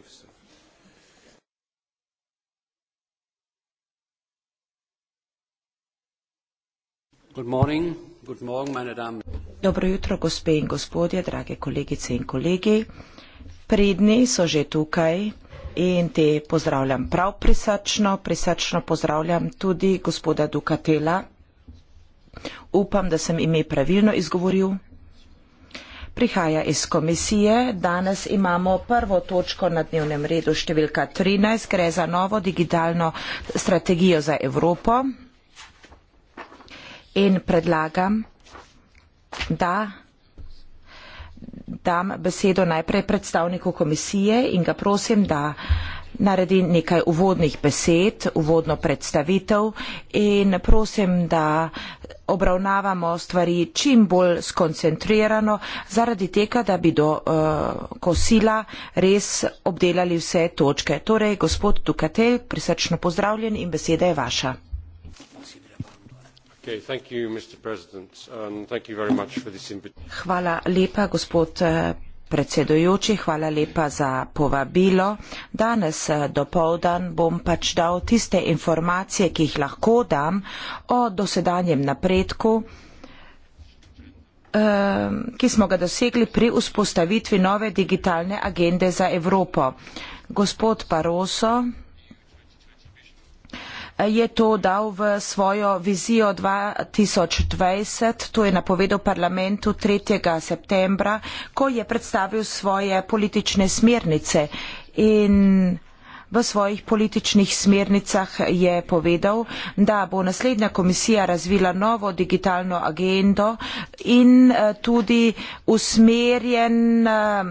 королевства. Good morning, good morning, meine Damen. Dobro jutro, gospe in gospodje, drage kolegice in kolegi. Predni so že tukaj in te pozdravljam prav prisrčno. Prisrčno pozdravljam tudi gospoda Dukatela. Upam, da sem ime pravilno izgovoril prihaja iz komisije. Danes imamo prvo točko na dnevnem redu številka 13, gre za novo digitalno strategijo za Evropo. In predlagam, da dam besedo najprej predstavniku komisije in ga prosim, da naredi nekaj uvodnih besed, uvodno predstavitev in prosim, da obravnavamo stvari čim bolj skoncentrirano, zaradi tega, da bi do uh, kosila res obdelali vse točke. Torej, gospod Dukatelj, prisrčno pozdravljen in beseda je vaša. Hvala lepa, gospod predsednik. Eh, predsedujoči, hvala lepa za povabilo. Danes eh, do povdan bom pač dal tiste informacije, ki jih lahko dam o dosedanjem napredku, eh, ki smo ga dosegli pri vzpostavitvi nove digitalne agende za Evropo. Gospod Paroso, je to dal v svojo vizijo 2020, to je napovedal parlamentu 3. septembra, ko je predstavil svoje politične smernice in v svojih političnih smernicah je povedal, da bo naslednja komisija razvila novo digitalno agendo in eh, tudi usmerjen eh,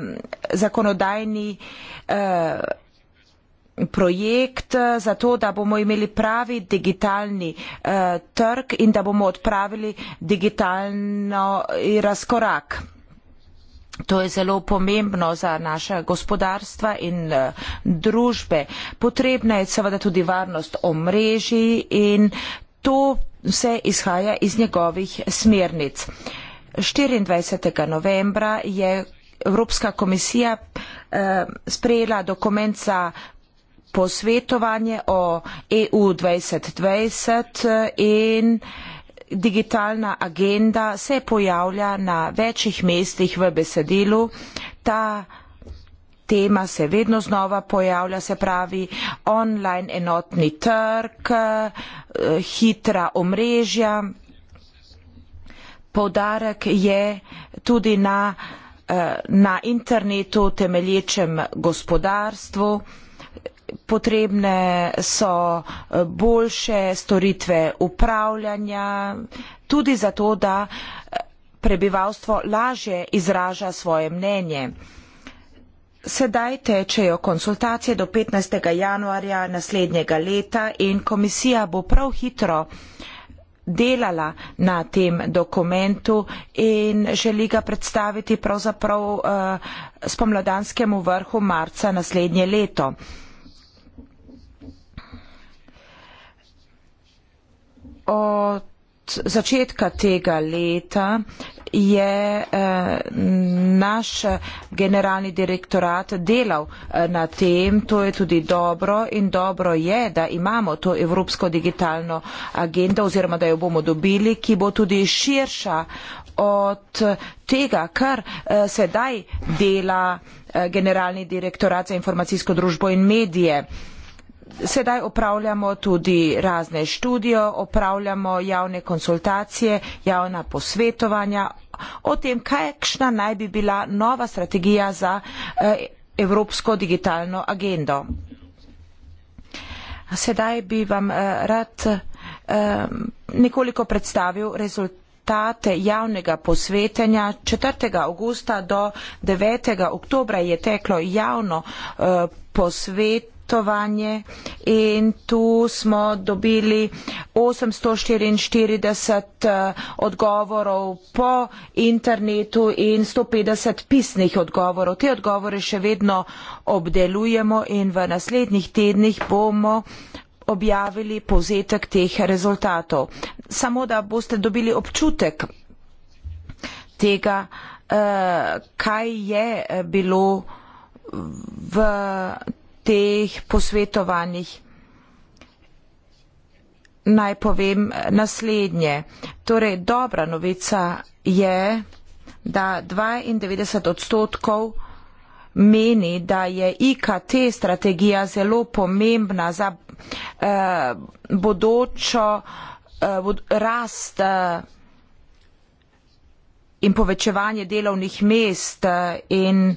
zakonodajni eh, projekt eh, za to, da bomo imeli pravi digitalni uh, trg in da bomo odpravili digitalno eh, razkorak. To je zelo pomembno za naše gospodarstva in uh, družbe. Potrebna je seveda tudi varnost omrežij in to vse izhaja iz njegovih smernic. 24. novembra je Evropska komisija uh, sprejela dokument za posvetovanje o EU 2020 in digitalna agenda se pojavlja na večjih mestih v besedilu. Ta tema se vedno znova pojavlja, se pravi online enotni trg, hitra omrežja. Podarek je tudi na, eh, na internetu temelječem gospodarstvu potrebne so eh, boljše storitve upravljanja, tudi zato, da eh, prebivalstvo lažje izraža svoje mnenje. Sedaj tečejo konsultacije do 15. januarja naslednjega leta in komisija bo prav hitro delala na tem dokumentu in želi ga predstaviti pravzaprav uh, spomladanskemu vrhu marca naslednje leto. Uh, od začetka tega leta je eh, naš generalni direktorat delal eh, na tem, to je tudi dobro in dobro je, da imamo to Evropsko digitalno agendo oziroma da jo bomo dobili, ki bo tudi širša od tega, kar eh, sedaj dela generalni direktorat za informacijsko družbo in medije sedaj opravljamo tudi razne študije, opravljamo javne konsultacije, javna posvetovanja o tem, kakšna naj bi bila nova strategija za eh, Evropsko digitalno agendo. Sedaj bi vam eh, rad eh, nekoliko predstavil rezultate javnega posvetenja. 4. augusta do 9. oktobra je teklo javno posvetenje svetovanje in tu smo dobili 844 eh, odgovorov po internetu in 150 pisnih odgovorov. Te odgovore še vedno obdelujemo in v naslednjih tednih bomo objavili povzetek teh rezultatov. Samo da boste dobili občutek tega, eh, kaj je bilo v teh posvetovanjih naj povem naslednje. Torej, dobra novica je, da 92 odstotkov meni, da je IKT strategija zelo pomembna za eh, bodočo eh, bod, rast eh, in povečevanje delovnih mest eh, in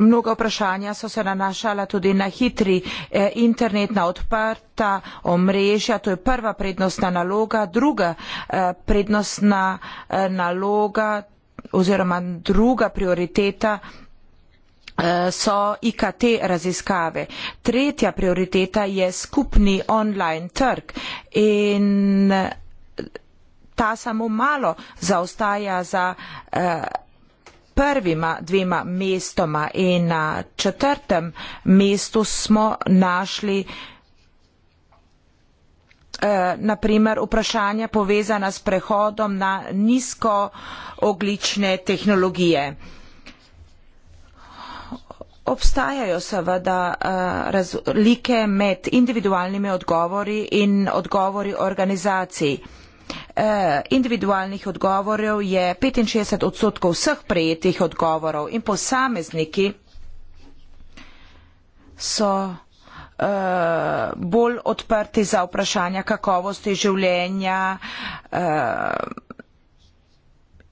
mnoga vprašanja so se nanašala tudi na hitri eh, internet na odprta omrežja to je prva prednostna naloga druga eh, prednostna eh, naloga oziroma druga prioriteta so IKT raziskave. Tretja prioriteta je skupni online trg in ta samo malo zaostaja za eh, prvima dvema mestoma in na četrtem mestu smo našli eh, naprimer vprašanja povezana s prehodom na nizko oglične tehnologije. Obstajajo seveda eh, razlike med individualnimi odgovori in odgovori organizacij. Eh, individualnih odgovorov je 65 odstotkov vseh prejetih odgovorov in posamezniki so uh, bolj odprti za vprašanja kakovosti življenja uh,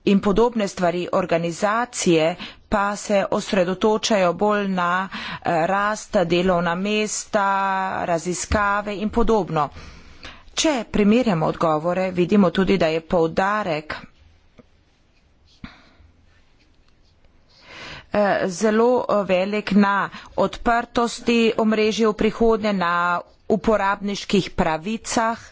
in podobne stvari. Organizacije pa se osredotočajo bolj na uh, rast delovna mesta, raziskave in podobno. Uh, Če primerjamo odgovore, vidimo tudi, da je poudarek eh, zelo eh, velik na odprtosti omrežja v prihodnje, na uporabniških pravicah.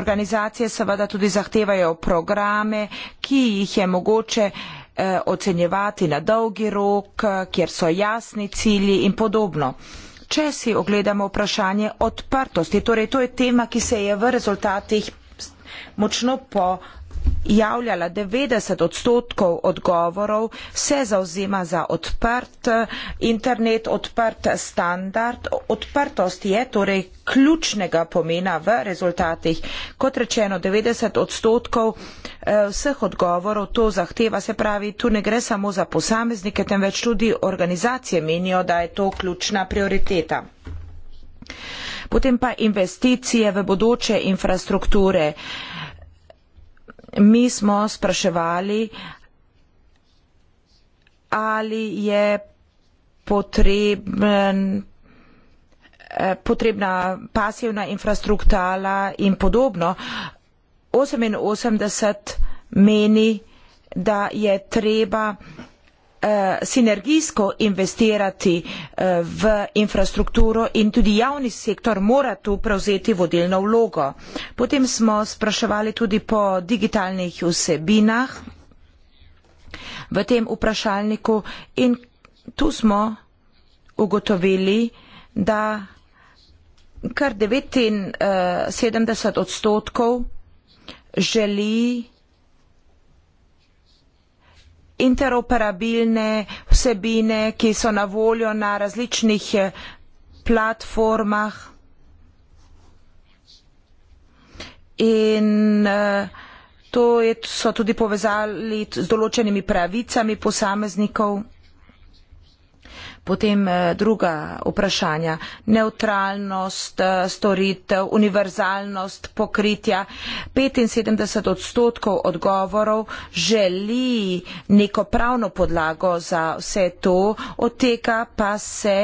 Organizacije seveda tudi zahtevajo programe, ki jih je mogoče eh, ocenjevati na dolgi rok, kjer so jasni cilji in podobno. Če si ogledamo vprašanje odprtosti, torej to je tema, ki se je v rezultatih močno po javljala, devetdeset odstotkov odgovorov se zauzema za odprt eh, internet, odprt standard. Odprtost je torej ključnega pomena v rezultatih. Kot rečeno, devetdeset odstotkov eh, vseh odgovorov to zahteva, se pravi, tu ne gre samo za posameznike, temveč tudi organizacije menijo, da je to ključna prioriteta. Potem pa investicije v bodoče infrastrukture mi smo spraševali, ali je potreben, eh, potrebna pasivna infrastruktura in podobno. 88 meni, da je treba Eh, sinergijsko investirati eh, v infrastrukturo in tudi javni sektor mora tu prevzeti vodilno vlogo. Potem smo spraševali tudi po digitalnih vsebinah v tem vprašalniku in tu smo ugotovili, da kar 79 odstotkov želi interoperabilne vsebine ki so na voljo na različnih eh, platformah in eh, to je, so tudi povezali z določenimi pravicami posameznikov Potem eh, druga vprašanja. Neutralnost eh, storitev, univerzalnost pokritja. 75 odstotkov odgovorov želi neko pravno podlago za vse to, od tega pa se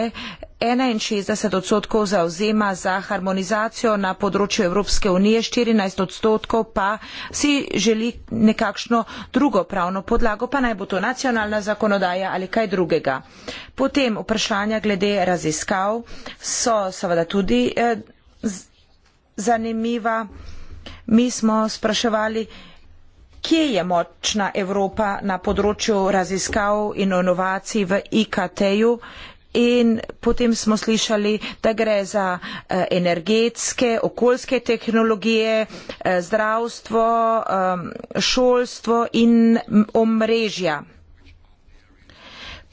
61 odstotkov zauzema za harmonizacijo na področju Evropske unije, 14 odstotkov pa si želi nekakšno drugo pravno podlago, pa naj bo to nacionalna zakonodaja ali kaj drugega. Potem vprašanja glede raziskav so seveda tudi eh, zanimiva. Mi smo spraševali, kje je močna Evropa na področju raziskav in inovacij v IKT-ju, in potem smo slišali, da gre za eh, energetske, okoljske tehnologije, eh, zdravstvo, eh, šolstvo in omrežja.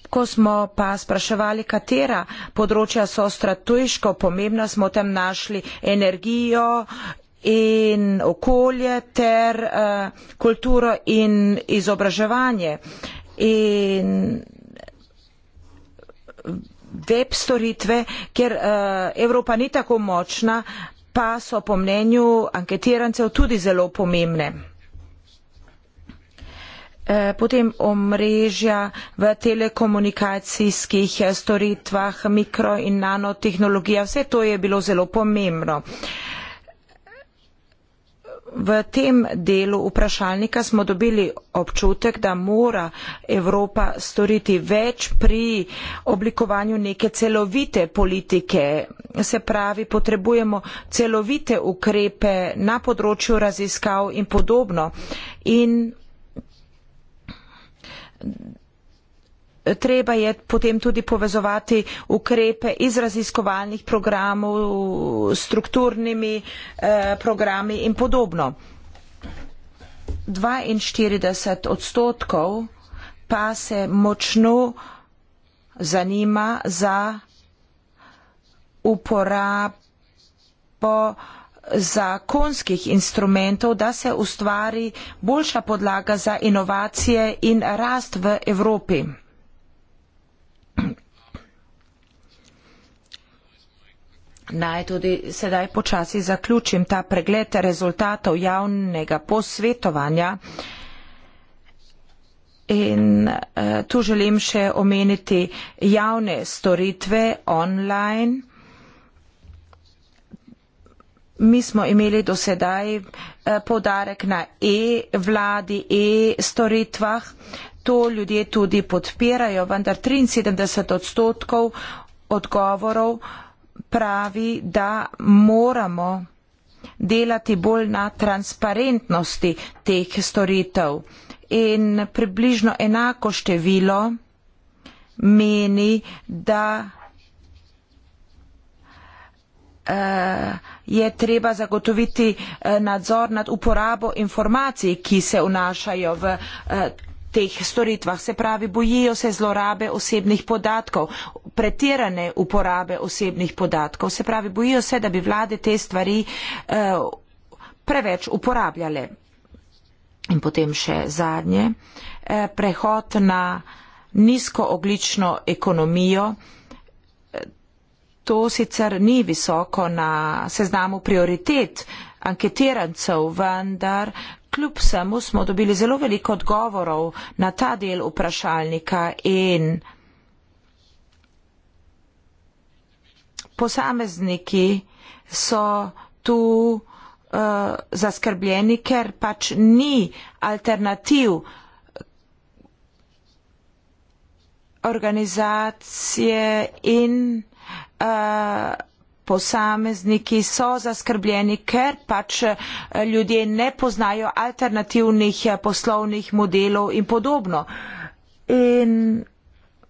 Ko smo pa spraševali, katera področja so strateško pomembna, smo tam našli energijo in okolje ter uh, kulturo in izobraževanje. In web storitve, ker eh, Evropa ni tako močna, pa so po mnenju anketirancev tudi zelo pomembne. Eh, potem omrežja v telekomunikacijskih eh, storitvah, mikro in nanotehnologija, vse to je bilo zelo pomembno v tem delu vprašalnika smo dobili občutek, da mora Evropa storiti več pri oblikovanju neke celovite politike. Se pravi, potrebujemo celovite ukrepe na področju raziskav in podobno. In treba je potem tudi povezovati ukrepe iz raziskovalnih programov s strukturnimi eh, programi in podobno. 42 odstotkov pa se močno zanima za uporabo zakonskih instrumentov, da se ustvari boljša podlaga za inovacije in rast v Evropi. Naj tudi sedaj počasi zaključim ta pregled rezultatov javnega posvetovanja. In uh, tu želim še omeniti javne storitve online. Mi smo imeli do sedaj eh, podarek na e-vladi, e-storitvah. To ljudje tudi podpirajo, vendar 73 odstotkov odgovorov uh, pravi, da moramo delati bolj na transparentnosti teh storitev. In približno enako število meni, da eh, je treba zagotoviti eh, nadzor nad uporabo informacij, ki se vnašajo v eh, teh storitvah. Se pravi, bojijo se zlorabe osebnih podatkov, pretirane uporabe osebnih podatkov. Se pravi, bojijo se, da bi vlade te stvari eh, preveč uporabljale. In potem še zadnje, eh, prehod na nizkooglično ekonomijo. To sicer ni visoko na seznamu prioritet anketirancev, vendar Kljub vsemu smo dobili zelo veliko odgovorov na ta del vprašalnika in posamezniki so tu uh, zaskrbljeni, ker pač ni alternativ organizacije in uh, posamezniki so zaskrbljeni, ker pač eh, ljudje ne poznajo alternativnih eh, poslovnih modelov in podobno. In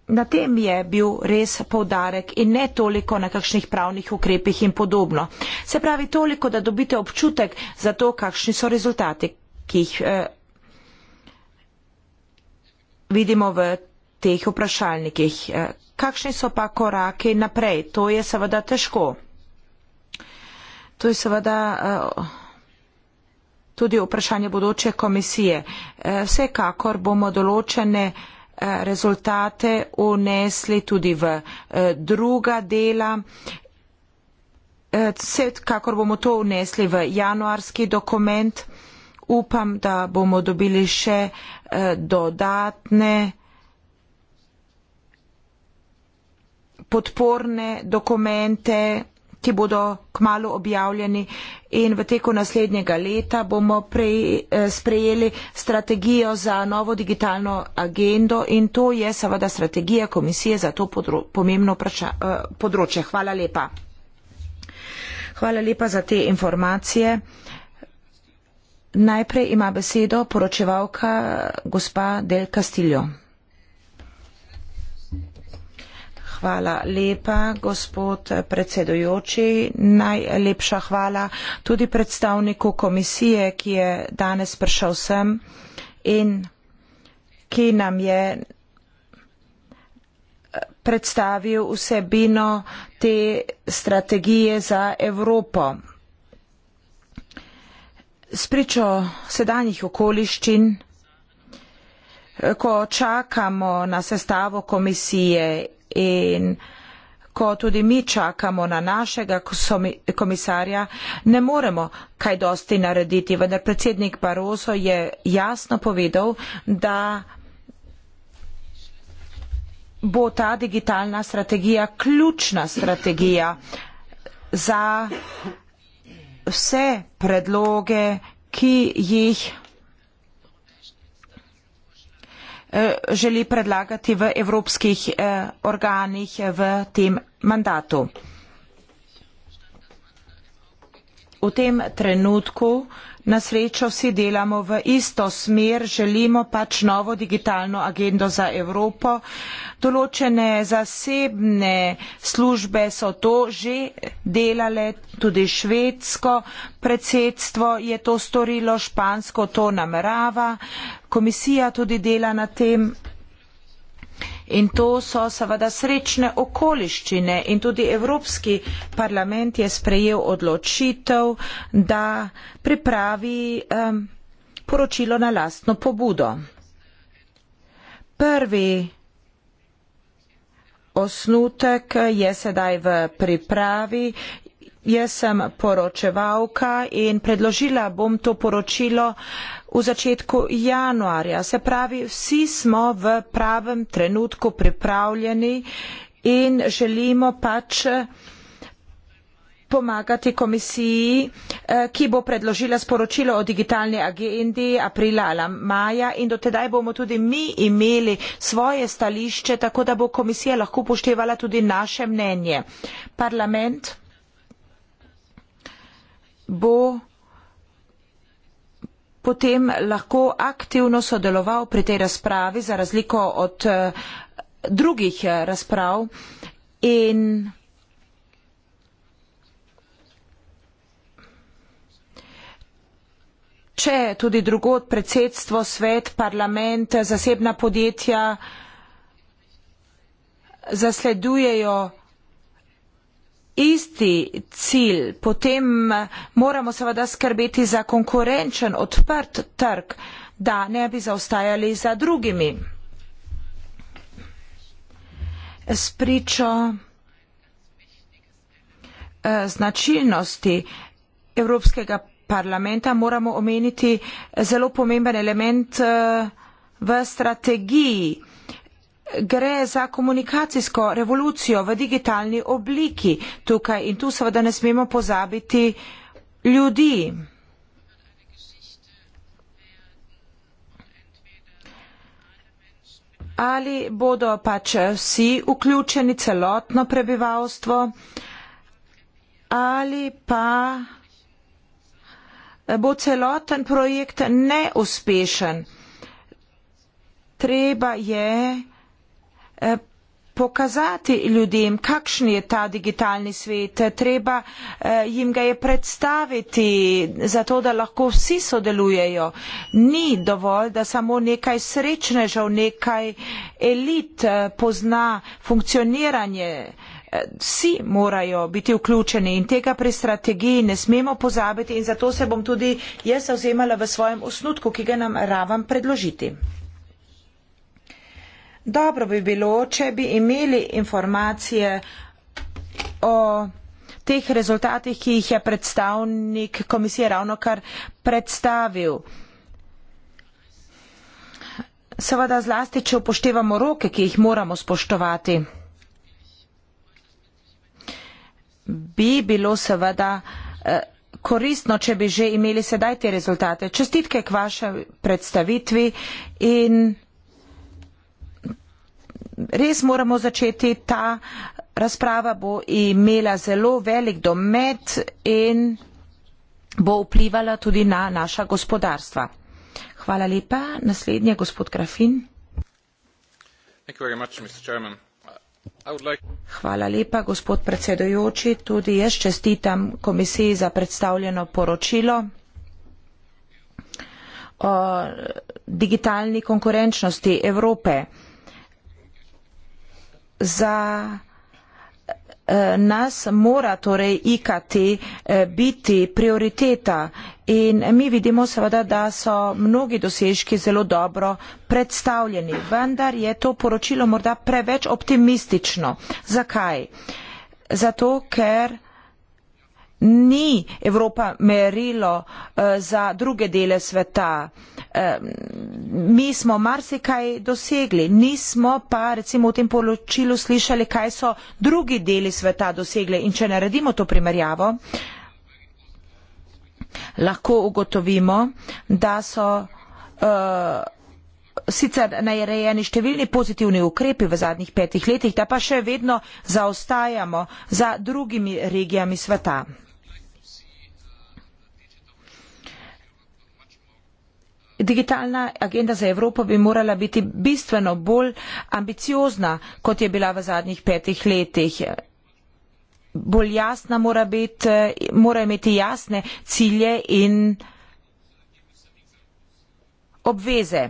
na tem je bil res povdarek in ne toliko na kakšnih pravnih ukrepih in podobno. Se pravi toliko, da dobite občutek za to, kakšni so rezultati, ki jih eh, vidimo v teh vprašalnikih. Eh, kakšni so pa koraki naprej? To je seveda težko. To je seveda eh, tudi vprašanje bodoče komisije. Eh, vsekakor bomo določene eh, rezultate unesli tudi v druga dela. Vsekakor bomo to unesli v januarski dokument. Upam, da bomo dobili še dodatne podporne dokumente, ki bodo kmalo objavljeni in v teku naslednjega leta bomo prej, eh, sprejeli strategijo za novo digitalno agendo in to je seveda strategija komisije za to podro, pomembno prača, eh, področje. Hvala lepa. Hvala lepa za te informacije. Najprej ima besedo poročevalka gospa Del Castillo. Hvala lepa, gospod predsedujoči. Najlepša hvala tudi predstavniku komisije, ki je danes prišel sem in ki nam je eh, predstavil vsebino te strategije za Evropo. Spričo sedanjih okoliščin, eh, ko čakamo na sestavo komisije in ko tudi mi čakamo na našega komisarja, ne moremo kaj dosti narediti. Vendar predsednik Barroso je jasno povedal, da bo ta digitalna strategija ključna strategija za vse predloge, ki jih Eh, želi predlagati v evropskih eh, organih eh, v tem mandatu. V tem trenutku Na srečo vsi delamo v isto smer, želimo pač novo digitalno agendo za Evropo. Določene zasebne službe so to že delale, tudi švedsko predsedstvo je to storilo, špansko to namerava, komisija tudi dela na tem. In to so seveda srečne okoliščine in tudi Evropski parlament je sprejel odločitev, da pripravi um, poročilo na lastno pobudo. Prvi osnutek je sedaj v pripravi. Jaz sem poročevalka in predložila bom to poročilo uh, v začetku januarja. Se pravi, vsi smo v pravem trenutku pripravljeni in želimo pač eh, pomagati komisiji, eh, ki bo predložila sporočilo o digitalni agendi aprila ali maja in dotedaj bomo tudi mi imeli svoje stališče, tako da bo komisija lahko upoštevala tudi naše mnenje. Parlament bo potem lahko aktivno sodeloval pri tej razpravi za razliko od eh, drugih eh, razprav in če tudi drugod predsedstvo, svet, parlament, zasebna podjetja zasledujejo isti cilj potem eh, moramo seveda skrbeti za konkurenčen odprt trg da ne bi zaostajali za drugimi spričo eh, značilnosti evropskega parlamenta moramo omeniti zelo pomemben element eh, v strategiji gre za komunikacijsko revolucijo v digitalni obliki tukaj in tu seveda ne smemo pozabiti ljudi. Ali bodo pač vsi vključeni, celotno prebivalstvo, ali pa bo celoten projekt neuspešen. Treba je Eh, pokazati ljudem, kakšen je ta digitalni svet. Treba eh, jim ga je predstaviti, zato da lahko vsi sodelujejo. Ni dovolj, da samo nekaj srečnežev, nekaj elit eh, pozna funkcioniranje. Vsi morajo biti vključeni in tega pri strategiji ne smemo pozabiti in zato se bom tudi jaz zauzemala v svojem osnutku, ki ga nam ravam predložiti. Dobro bi bilo, če bi imeli informacije o teh rezultatih, ki jih je predstavnik komisije ravno kar predstavil. Seveda zlasti, če upoštevamo roke, ki jih moramo spoštovati, bi bilo seveda eh, koristno, če bi že imeli sedaj te rezultate. Čestitke k vaše predstavitvi in res moramo začeti, ta razprava bo imela zelo velik domet in bo vplivala tudi na naša gospodarstva. Hvala lepa. Naslednji je gospod Grafin. Hvala lepa, gospod predsedujoči. Tudi jaz čestitam komisiji za predstavljeno poročilo o digitalni konkurenčnosti Evrope za eh, nas mora torej IKT eh, biti prioriteta in mi vidimo seveda, da so mnogi dosežki zelo dobro predstavljeni, vendar je to poročilo morda preveč optimistično. Zakaj? Zato, ker ni Evropa merilo eh, za druge dele sveta. Eh, mi smo marsikaj dosegli, nismo pa recimo v tem poročilu slišali, kaj so drugi deli sveta dosegli. In če naredimo to primerjavo, lahko ugotovimo, da so eh, sicer najrejeni številni pozitivni ukrepi v zadnjih petih letih, da pa še vedno zaostajamo za drugimi regijami sveta. Digitalna agenda za Evropo bi morala biti bistveno bolj ambiciozna, kot je bila v zadnjih petih letih. Bolj jasna mora, bit, mora imeti jasne cilje in obveze.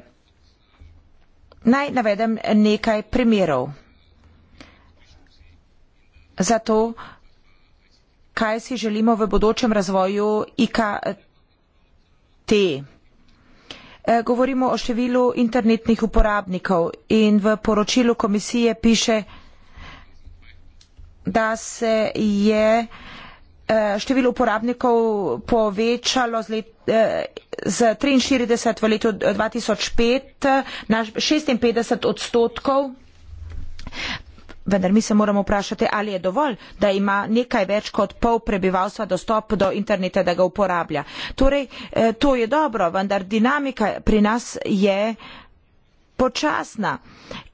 Naj navedem nekaj primerov. Zato, kaj si želimo v bodočem razvoju IKT. Eh, govorimo o številu internetnih uporabnikov in v poročilu komisije piše, da se je eh, število uporabnikov povečalo z, let, eh, z 43 v letu 2005 na 56 odstotkov. Vendar mi se moramo vprašati, ali je dovolj, da ima nekaj več kot pol prebivalstva dostop do interneta, da ga uporablja. Torej, eh, to je dobro, vendar dinamika pri nas je počasna.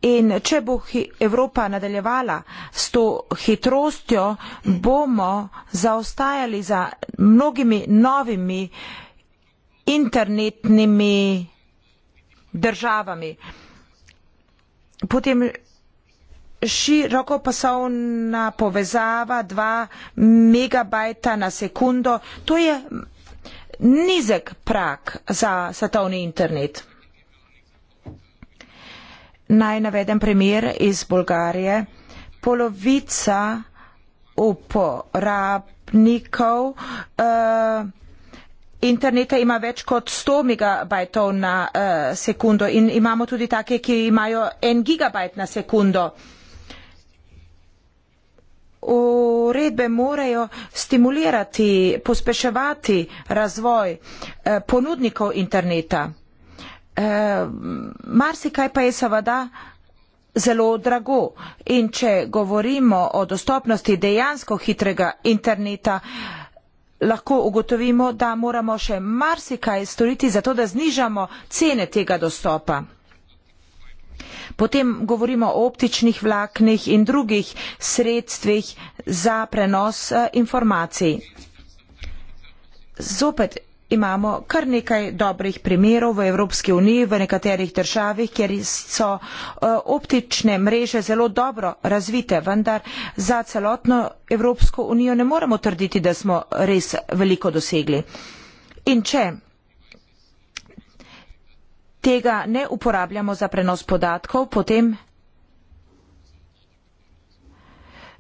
In če bo Evropa nadaljevala s to hitrostjo, bomo zaostajali za mnogimi novimi internetnimi državami. Potem širokopasovna povezava 2 megabajta na sekundo, to je nizek prak za svetovni internet. Naj navedem primer iz Bolgarije. Polovica uporabnikov uh, interneta ima več kot 100 megabajtov na uh, sekundo in imamo tudi take, ki imajo 1 gigabajt na sekundo uredbe morajo stimulirati, pospeševati razvoj eh, ponudnikov interneta. Eh, marsikaj pa je seveda zelo drago in če govorimo o dostopnosti dejansko hitrega interneta, lahko ugotovimo, da moramo še marsikaj storiti za to, da znižamo cene tega dostopa. Potem govorimo o optičnih vlaknih in drugih sredstvih za prenos eh, informacij. Zopet imamo kar nekaj dobrih primerov v Evropski uniji, v nekaterih državah, kjer so eh, optične mreže zelo dobro razvite, vendar za celotno Evropsko unijo ne moremo trditi, da smo res veliko dosegli. In če tega ne uporabljamo za prenos podatkov, potem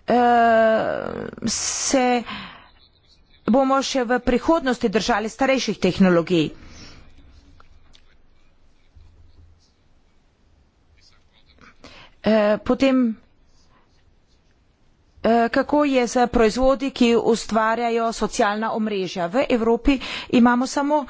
eh, se bomo še v prihodnosti držali starejših tehnologij. Eh, potem, eh, kako je z proizvodi, ki ustvarjajo socialna omrežja? V Evropi imamo samo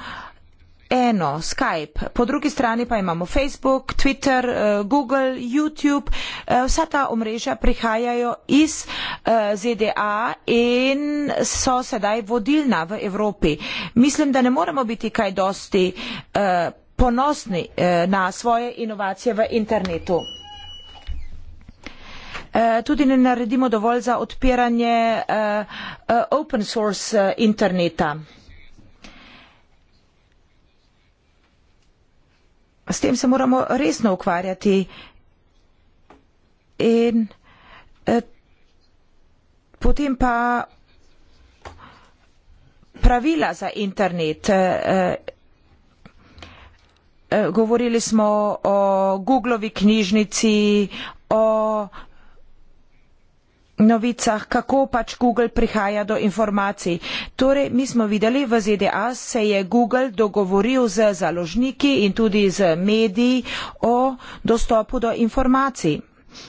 eno, Skype, po drugi strani pa imamo Facebook, Twitter, eh, Google, YouTube. Eh, vsa ta omrežja prihajajo iz eh, ZDA in so sedaj vodilna v Evropi. Mislim, da ne moremo biti kaj dosti ponosni na svoje inovacije v internetu. Tudi ne naredimo dovolj za odpiranje open source interneta. s tem se moramo resno ukvarjati. In eh, potem pa pravila za internet. Eh, eh, govorili smo o Googlovi knjižnici, o novicah, kako pač Google prihaja do informacij. Torej, mi smo videli, v ZDA se je Google dogovoril z založniki in tudi z mediji o dostopu do informacij.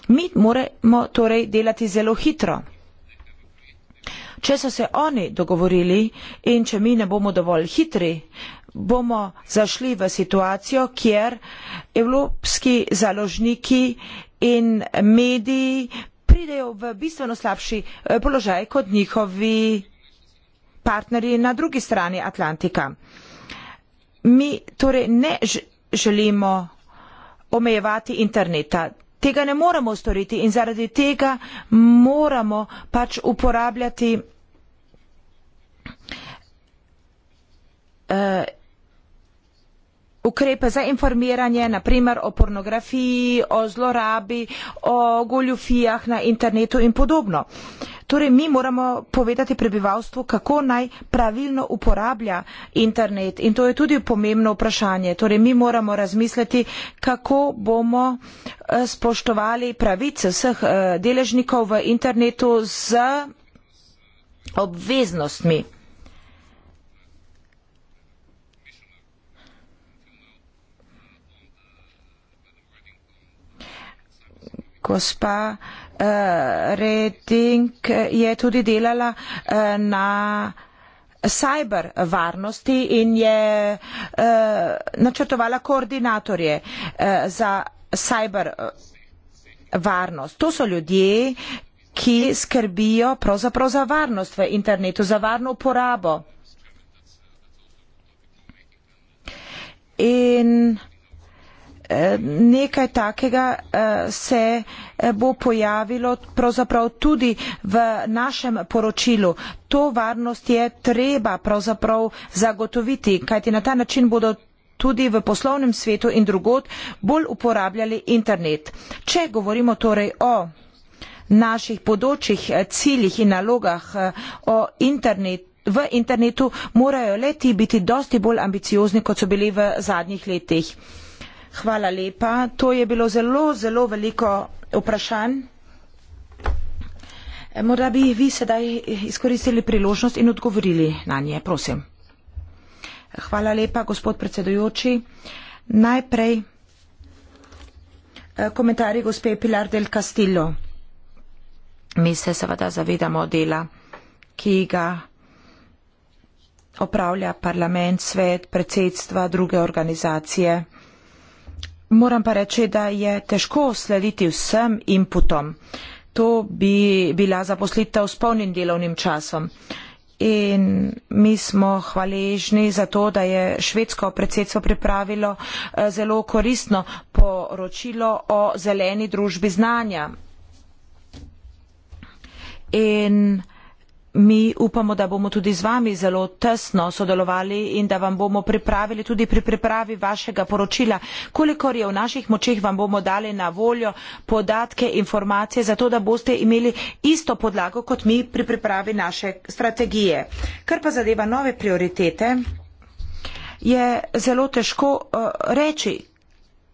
Mi moramo torej delati zelo hitro. Če so se oni dogovorili in če mi ne bomo dovolj hitri, bomo zašli v situacijo, kjer evropski založniki in mediji pridejo v bistveno slabši eh, položaj kot njihovi partnerji na drugi strani Atlantika. Mi torej ne želimo omejevati interneta. Tega ne moramo storiti in zaradi tega moramo pač uporabljati eh, ukrepe za informiranje na primer o pornografiji o zlorabi o goljufijah na internetu in podobno torej mi moramo povedati prebivalstvu kako naj pravilno uporablja internet in to je tudi pomembno vprašanje torej mi moramo razmisliti kako bomo eh, spoštovali pravice vseh eh, deležnikov v internetu z obveznostmi gospa uh, Reding je tudi delala uh, na sajber varnosti in je uh, načrtovala koordinatorje uh, za sajber varnost. To so ljudje, ki skrbijo pravzaprav za varnost v internetu, za varno uporabo. In nekaj takega eh, se eh, bo pojavilo pravzaprav tudi v našem poročilu. To varnost je treba pravzaprav zagotoviti, kajti na ta način bodo tudi v poslovnem svetu in drugot bolj uporabljali internet. Če govorimo torej o naših podočih eh, ciljih in nalogah o internet, v internetu, morajo leti biti dosti bolj ambiciozni, kot so bili v zadnjih letih. Hvala lepa. To je bilo zelo, zelo veliko vprašanj. Morda bi vi sedaj izkoristili priložnost in odgovorili na nje, prosim. Hvala lepa, gospod predsedujoči. Najprej eh, komentarji gospe Pilar del Castillo. Mi se seveda zavedamo dela, ki ga opravlja parlament, svet, predsedstva, druge organizacije. Moram pa reči, da je težko slediti vsem inputom. To bi bila zaposlitev s polnim delovnim časom. In mi smo hvaležni za to, da je švedsko predsedstvo pripravilo eh, zelo koristno poročilo o zeleni družbi znanja. In mi upamo, da bomo tudi z vami zelo tesno sodelovali in da vam bomo pripravili tudi pri pripravi vašega poročila, kolikor je v naših močeh, vam bomo dali na voljo podatke, informacije, zato da boste imeli isto podlago kot mi pri pripravi naše strategije. Kar pa zadeva nove prioritete, je zelo težko uh, reči,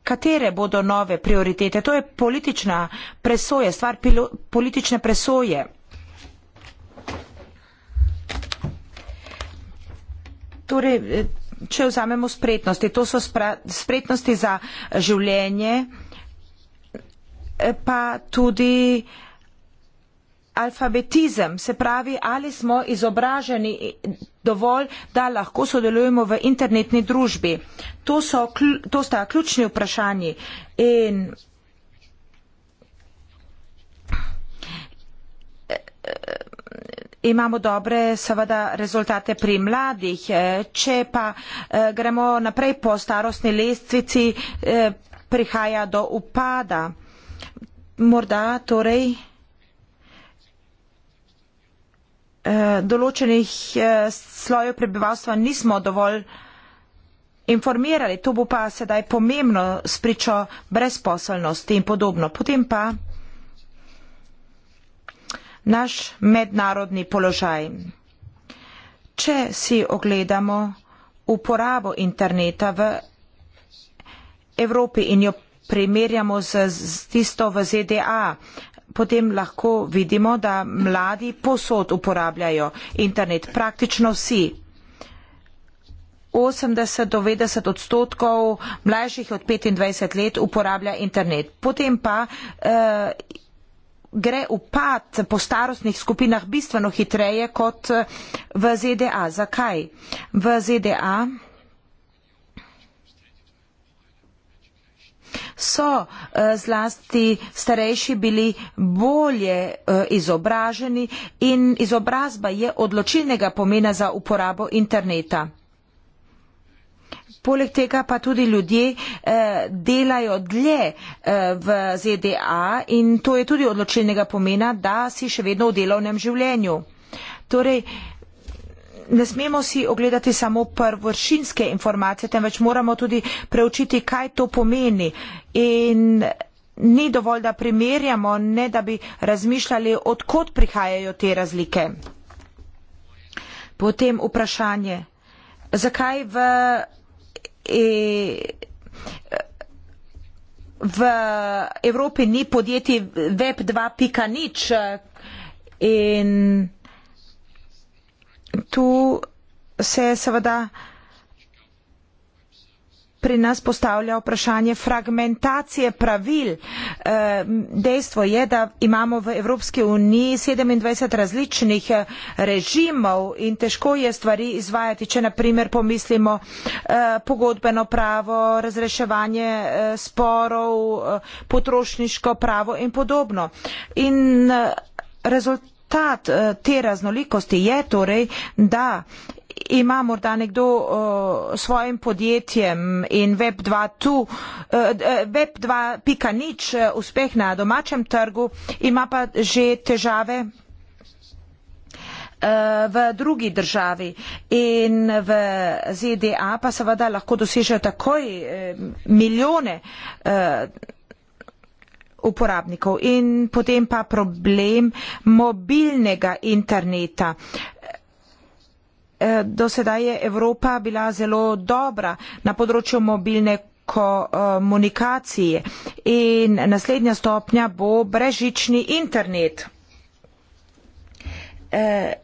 katere bodo nove prioritete. To je politična presoja, stvar pilo, politične presoje. Torej, če vzamemo spretnosti, to so spretnosti za življenje, pa tudi alfabetizem, se pravi, ali smo izobraženi dovolj, da lahko sodelujemo v internetni družbi. To, so, to sta ključni vprašanji. In E, imamo dobre seveda rezultate pri mladih, e, če pa e, gremo naprej po starostni lestvici, e, prihaja do upada. Morda torej določenih slojev prebivalstva nismo dovolj informirali, to bo pa sedaj pomembno spričo brezposelnosti in podobno. Potem pa naš mednarodni položaj. Če si ogledamo uporabo interneta v Evropi in jo primerjamo z, z tisto v ZDA, potem lahko vidimo, da mladi posod uporabljajo internet, praktično vsi. 80-90 odstotkov mlajših od 25 let uporablja internet. Potem pa eh, gre upad po starostnih skupinah bistveno hitreje kot eh, v ZDA. Zakaj? V ZDA so eh, zlasti starejši bili bolje eh, izobraženi in izobrazba je odločilnega pomena za uporabo interneta. Poleg tega pa tudi ljudje eh, delajo dlje eh, v ZDA in to je tudi odločilnega pomena, da si še vedno v delovnem življenju. Torej, ne smemo si ogledati samo prvršinske informacije, temveč moramo tudi preučiti, kaj to pomeni. In ni dovolj, da primerjamo, ne da bi razmišljali, odkot prihajajo te razlike. Potem vprašanje. Zakaj v v Evropi ni podjetij web 2.0 in tu se seveda pri nas postavlja vprašanje fragmentacije pravil. Eh, dejstvo je, da imamo v Evropski uniji 27 različnih eh, režimov in težko je stvari izvajati, če naprimer pomislimo eh, pogodbeno pravo, razreševanje sporov, potrošniško pravo in podobno. In rezultat te raznolikosti je torej, da ima morda nekdo uh, svojim podjetjem in web2 tu, uh, e, e, web2 pika nič uh, uspeh na domačem trgu, ima pa že težave v drugi državi in v ZDA pa seveda lahko dosežejo takoj milijone uporabnikov in potem pa problem mobilnega interneta. Eh, do sedaj je Evropa bila zelo dobra na področju mobilne komunikacije in naslednja stopnja bo brežični internet. Eh,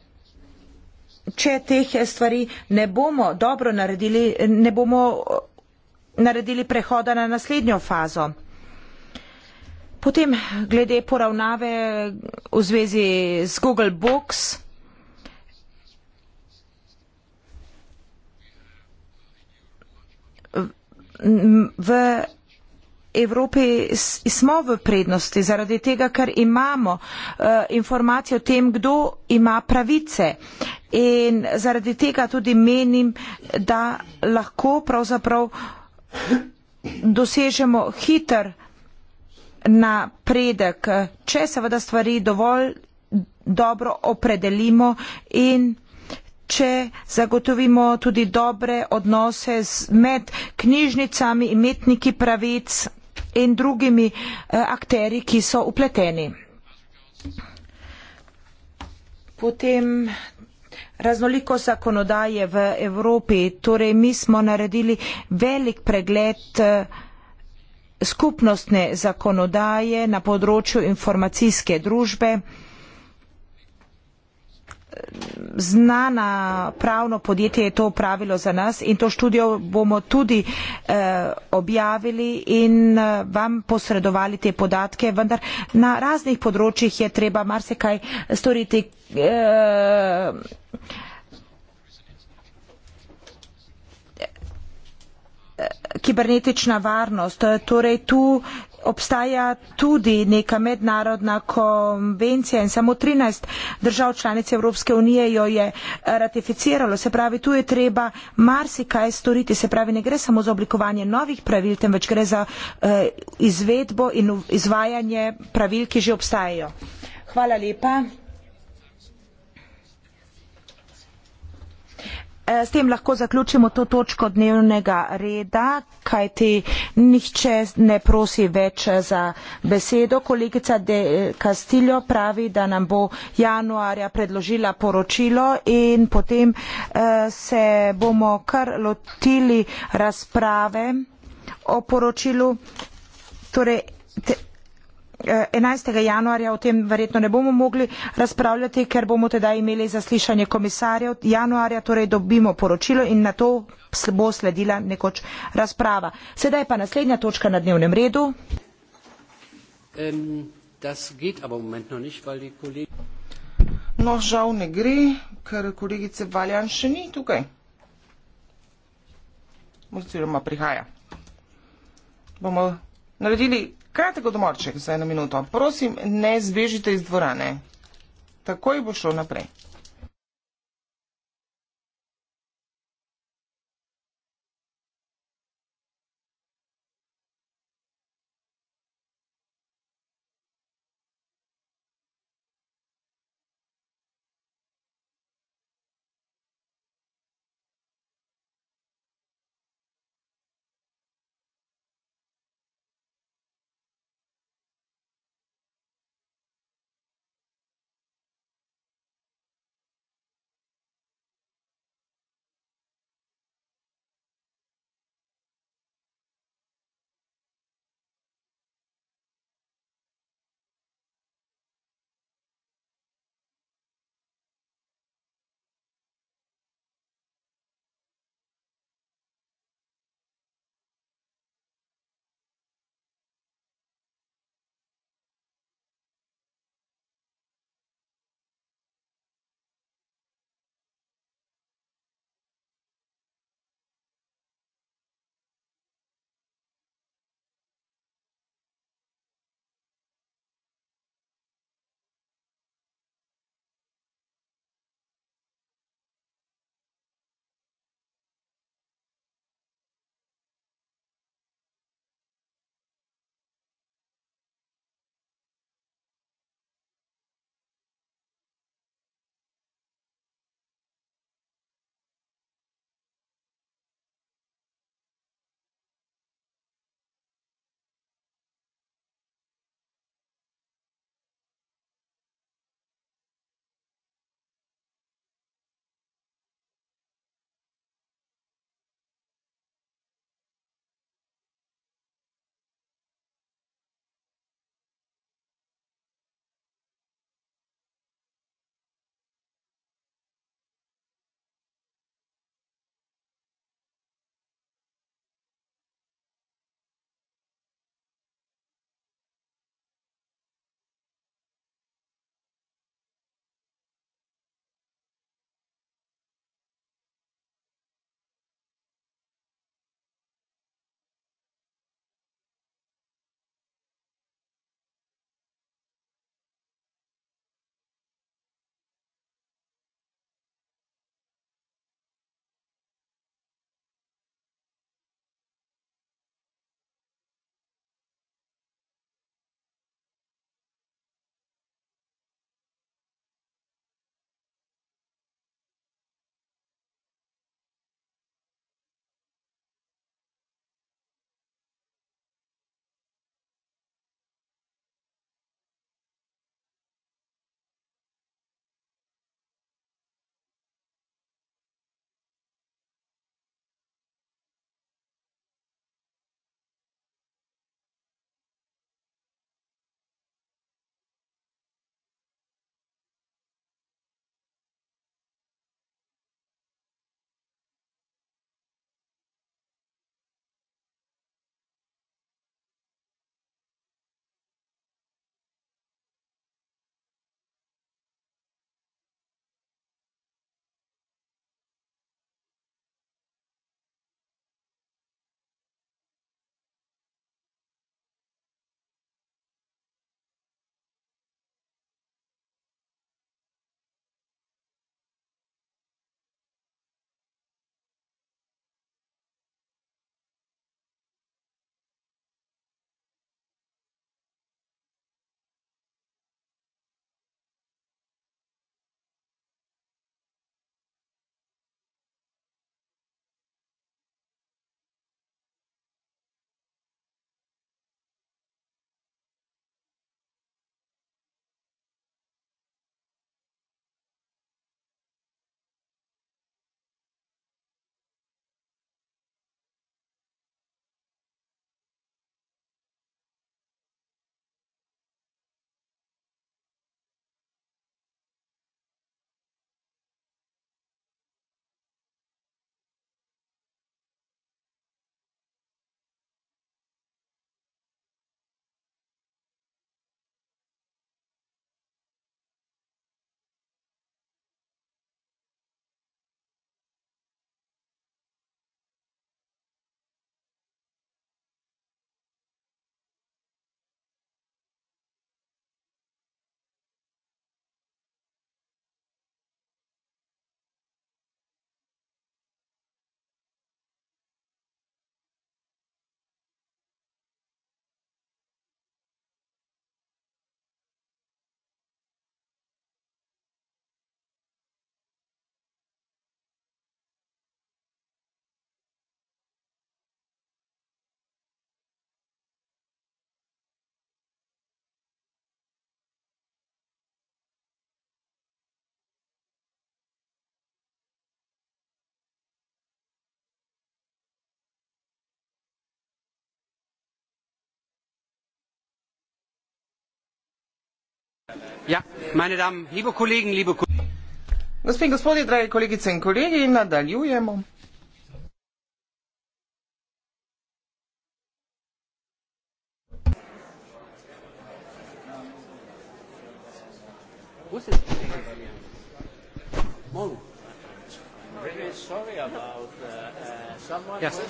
če teh stvari ne bomo dobro naredili, ne bomo eh, naredili prehoda na naslednjo fazo. Potem glede poravnave v zvezi z Google Books. v Evropi smo v prednosti zaradi tega, ker imamo uh, informacije o tem, kdo ima pravice. In zaradi tega tudi menim, da lahko pravzaprav dosežemo hiter napredek, če seveda stvari dovolj dobro opredelimo in če zagotovimo tudi dobre odnose med knjižnicami, imetniki pravic in drugimi eh, akteri, ki so upleteni. Potem raznoliko zakonodaje v Evropi, torej mi smo naredili velik pregled eh, skupnostne zakonodaje na področju informacijske družbe znana pravno podjetje je to upravilo za nas in to študijo bomo tudi eh, objavili in eh, vam posredovali te podatke, vendar na raznih področjih je treba marsikaj storiti. Eh, kibernetična varnost, torej tu obstaja tudi neka mednarodna konvencija in samo 13 držav članic Evropske unije jo je eh, ratificiralo. Se pravi, tu je treba marsikaj storiti. Se pravi, ne gre samo za oblikovanje novih pravil, temveč gre za eh, izvedbo in izvajanje pravil, ki že obstajajo. Hvala lepa. Eh, s tem lahko zaključimo to točko dnevnega reda, kajti nihče ne prosi več eh, za besedo. Kolegica De Castillo pravi, da nam bo januarja predložila poročilo in potem eh, se bomo kar lotili razprave o poročilu. Torej, te, 11. januarja o tem verjetno ne bomo mogli razpravljati, ker bomo teda imeli zaslišanje komisarjev. Januarja torej dobimo poročilo in na to bo sledila nekoč razprava. Sedaj pa naslednja točka na dnevnem redu. No, žal ne gre, ker kolegice Valjan še ni tukaj. Oziroma prihaja. Bomo naredili Kratek odmorček za eno minuto. Prosim, ne zbežite iz dvorane. Takoj bo šlo naprej. Ja, meine Damen, liebe Kollegen, liebe Kollegen. Gospod in gospodje, drage kolegice in kolegi, nadaljujemo. Uh, uh, yes.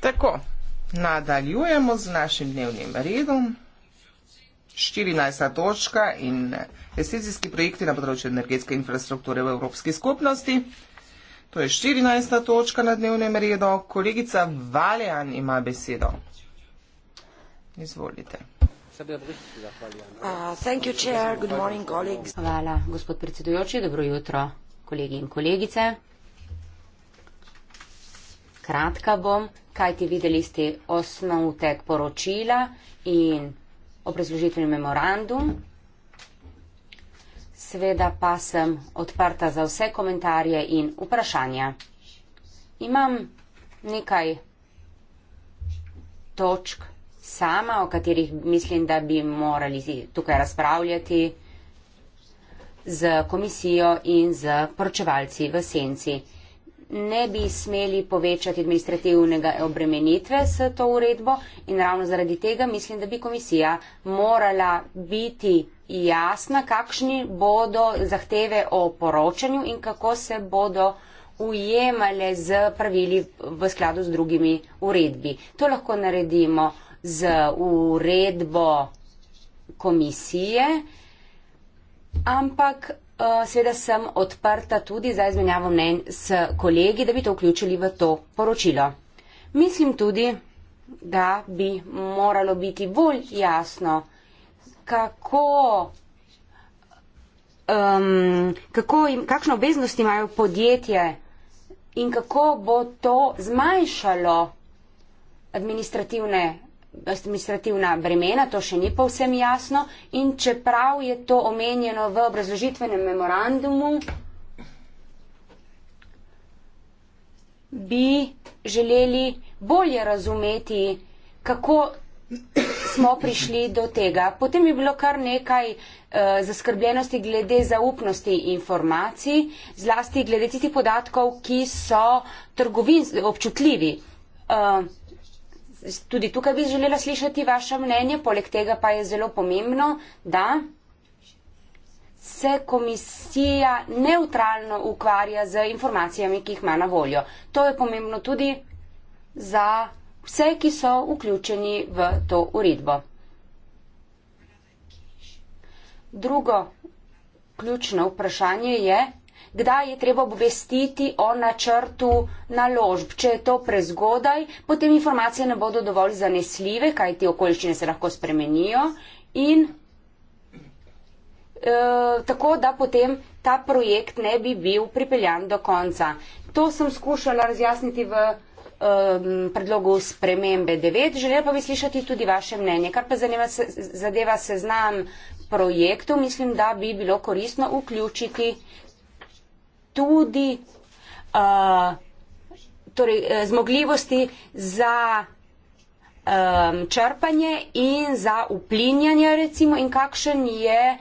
Tako, nadaljujemo z našim dnevnim redom. 14. točka in eh, investicijski projekti na področju energetske infrastrukture v Evropski skupnosti. To je 14. točka na dnevnem redu. Kolegica Valjan ima besedo. Izvolite. Uh, you, Hvala, gospod predsedujoči. Dobro jutro, kolegi in kolegice. Kratka bom, kaj ti videli ste osnovtek poročila in obrazložitveni memorandum. Sveda pa sem odprta za vse komentarje in vprašanja. Imam nekaj točk sama, o katerih mislim, da bi morali tukaj razpravljati z komisijo in z poročevalci v senci. Ne bi smeli povečati administrativnega obremenitve s to uredbo in ravno zaradi tega mislim, da bi komisija morala biti jasna, kakšni bodo zahteve o poročanju in kako se bodo ujemale z pravili v skladu z drugimi uredbi. To lahko naredimo z uredbo komisije, Ampak uh, seveda sem odprta tudi za izmenjavo mnenj s kolegi, da bi to vključili v to poročilo. Mislim tudi, da bi moralo biti bolj jasno, kako, um, kako im, kakšno obveznosti imajo podjetje in kako bo to zmanjšalo administrativne administrativna bremena, to še ni povsem jasno in čeprav je to omenjeno v obrazložitvenem memorandumu, bi želeli bolje razumeti, kako smo prišli do tega. Potem je bilo kar nekaj uh, zaskrbljenosti glede zaupnosti informacij, zlasti glede tistih podatkov, ki so občutljivi. Uh, Tudi tukaj bi želela slišati vaše mnenje, poleg tega pa je zelo pomembno, da se komisija neutralno ukvarja z informacijami, ki jih ima na voljo. To je pomembno tudi za vse, ki so vključeni v to uredbo. Drugo ključno vprašanje je, kdaj je treba obvestiti o načrtu naložb. Če je to prezgodaj, potem informacije ne bodo dovolj zanesljive, kaj te okoliščine se lahko spremenijo. In, e, tako da potem ta projekt ne bi bil pripeljan do konca. To sem skušala razjasniti v predlogu spremembe 9. Želel pa bi slišati tudi vaše mnenje. Kar pa zanima se, zadeva seznam projektov, mislim, da bi bilo koristno vključiti tudi uh, torej, eh, zmogljivosti za um, črpanje in za uplinjanje recimo in kakšen je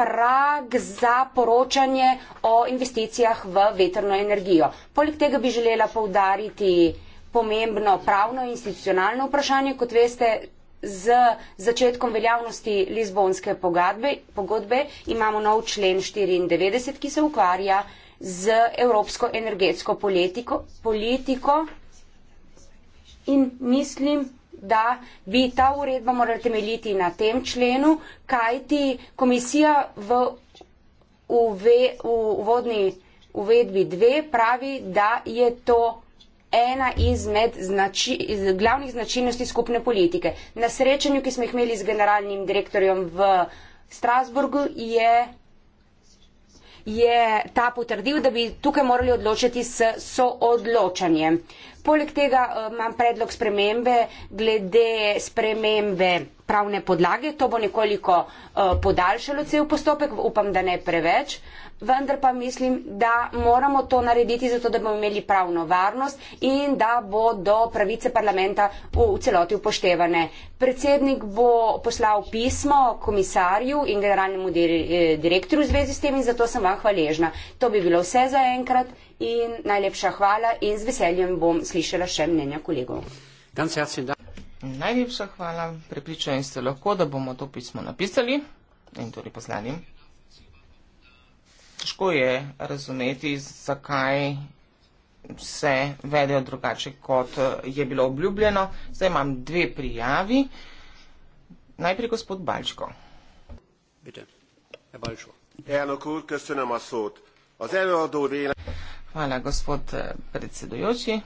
prag za poročanje o investicijah v veterno energijo. Poleg tega bi želela povdariti pomembno pravno institucionalno vprašanje, kot veste, z začetkom veljavnosti Lizbonske pogadbe, pogodbe imamo nov člen 94, ki se ukvarja z evropsko energetsko politiko, politiko in mislim, da bi ta uredba morala temeljiti na tem členu, kajti komisija v uve, uvodni uvedbi dve pravi, da je to ena izmed znači, iz glavnih značilnosti skupne politike. Na srečanju, ki smo jih imeli z generalnim direktorjem v Strasburgu, je, je ta potrdil, da bi tukaj morali odločiti s soodločanjem. Poleg tega eh, imam predlog spremembe glede spremembe pravne podlage. To bo nekoliko eh, podaljšalo cel postopek, upam, da ne preveč. Vendar pa mislim, da moramo to narediti, zato da bomo imeli pravno varnost in da bodo pravice parlamenta v celoti upoštevane. Predsednik bo poslal pismo komisarju in generalnemu eh, direktorju v zvezi s tem in zato sem vam hvaležna. To bi bilo vse za enkrat in najlepša hvala in z veseljem bom slišala še mnenja kolegov. Najlepša hvala, prepričani ste lahko, da bomo to pismo napisali in tudi poslali. Težko je razumeti, zakaj se vedejo drugače, kot je bilo obljubljeno. Zdaj imam dve prijavi. Najprej gospod Balčko. Bite, je Balčko. Eno kurka se nama sod. Az előadó vélemény. Hvala, gospod eh, predsedujoči.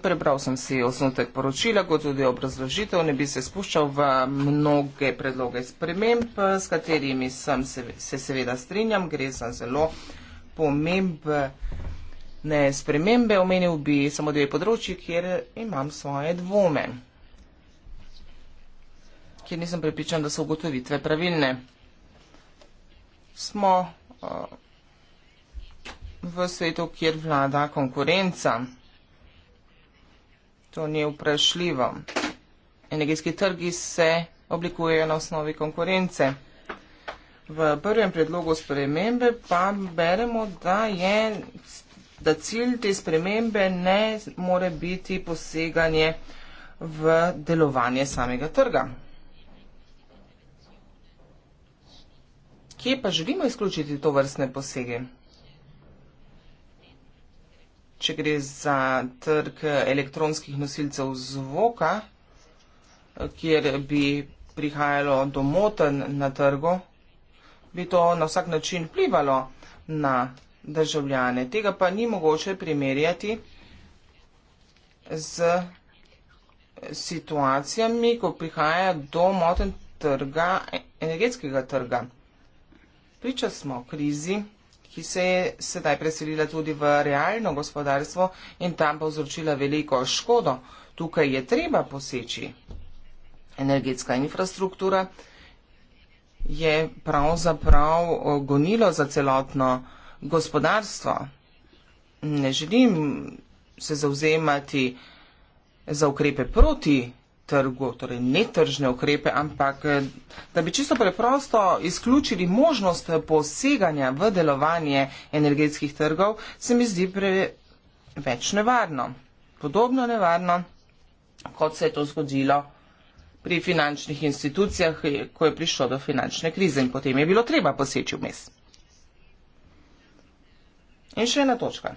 Prebral sem si osnotek poročila, kot tudi obrazložitev, ne bi se spuščal v mnoge predloge sprememb, s katerimi sem se, se seveda strinjam, gre za zelo pomembne spremembe. Omenil bi samo dve področji, kjer imam svoje dvome, kjer nisem prepričan, da so ugotovitve pravilne smo eh, v svetu, kjer vlada konkurenca. To ni vprašljivo. Energijski trgi se oblikujejo na osnovi konkurence. V prvem predlogu spremembe pa beremo, da, je, da cilj te spremembe ne more biti poseganje v delovanje samega trga. kje pa želimo izključiti to vrstne posege? Če gre za trg elektronskih nosilcev zvoka, kjer bi prihajalo do moten na trgu, bi to na vsak način vplivalo na državljane. Tega pa ni mogoče primerjati z situacijami, ko prihaja do moten trga, energetskega trga. Priča smo krizi, ki se je sedaj preselila tudi v realno gospodarstvo in tam povzročila veliko škodo. Tukaj je treba poseči. Energetska infrastruktura je pravzaprav gonilo za celotno gospodarstvo. Ne želim se zauzemati za ukrepe proti trgu, torej netržne ukrepe, ampak eh, da bi čisto preprosto izključili možnost poseganja v delovanje energetskih trgov, se mi zdi preveč nevarno. Podobno nevarno, kot se je to zgodilo pri finančnih institucijah, ko je prišlo do finančne krize in potem je bilo treba poseči vmes. In še ena točka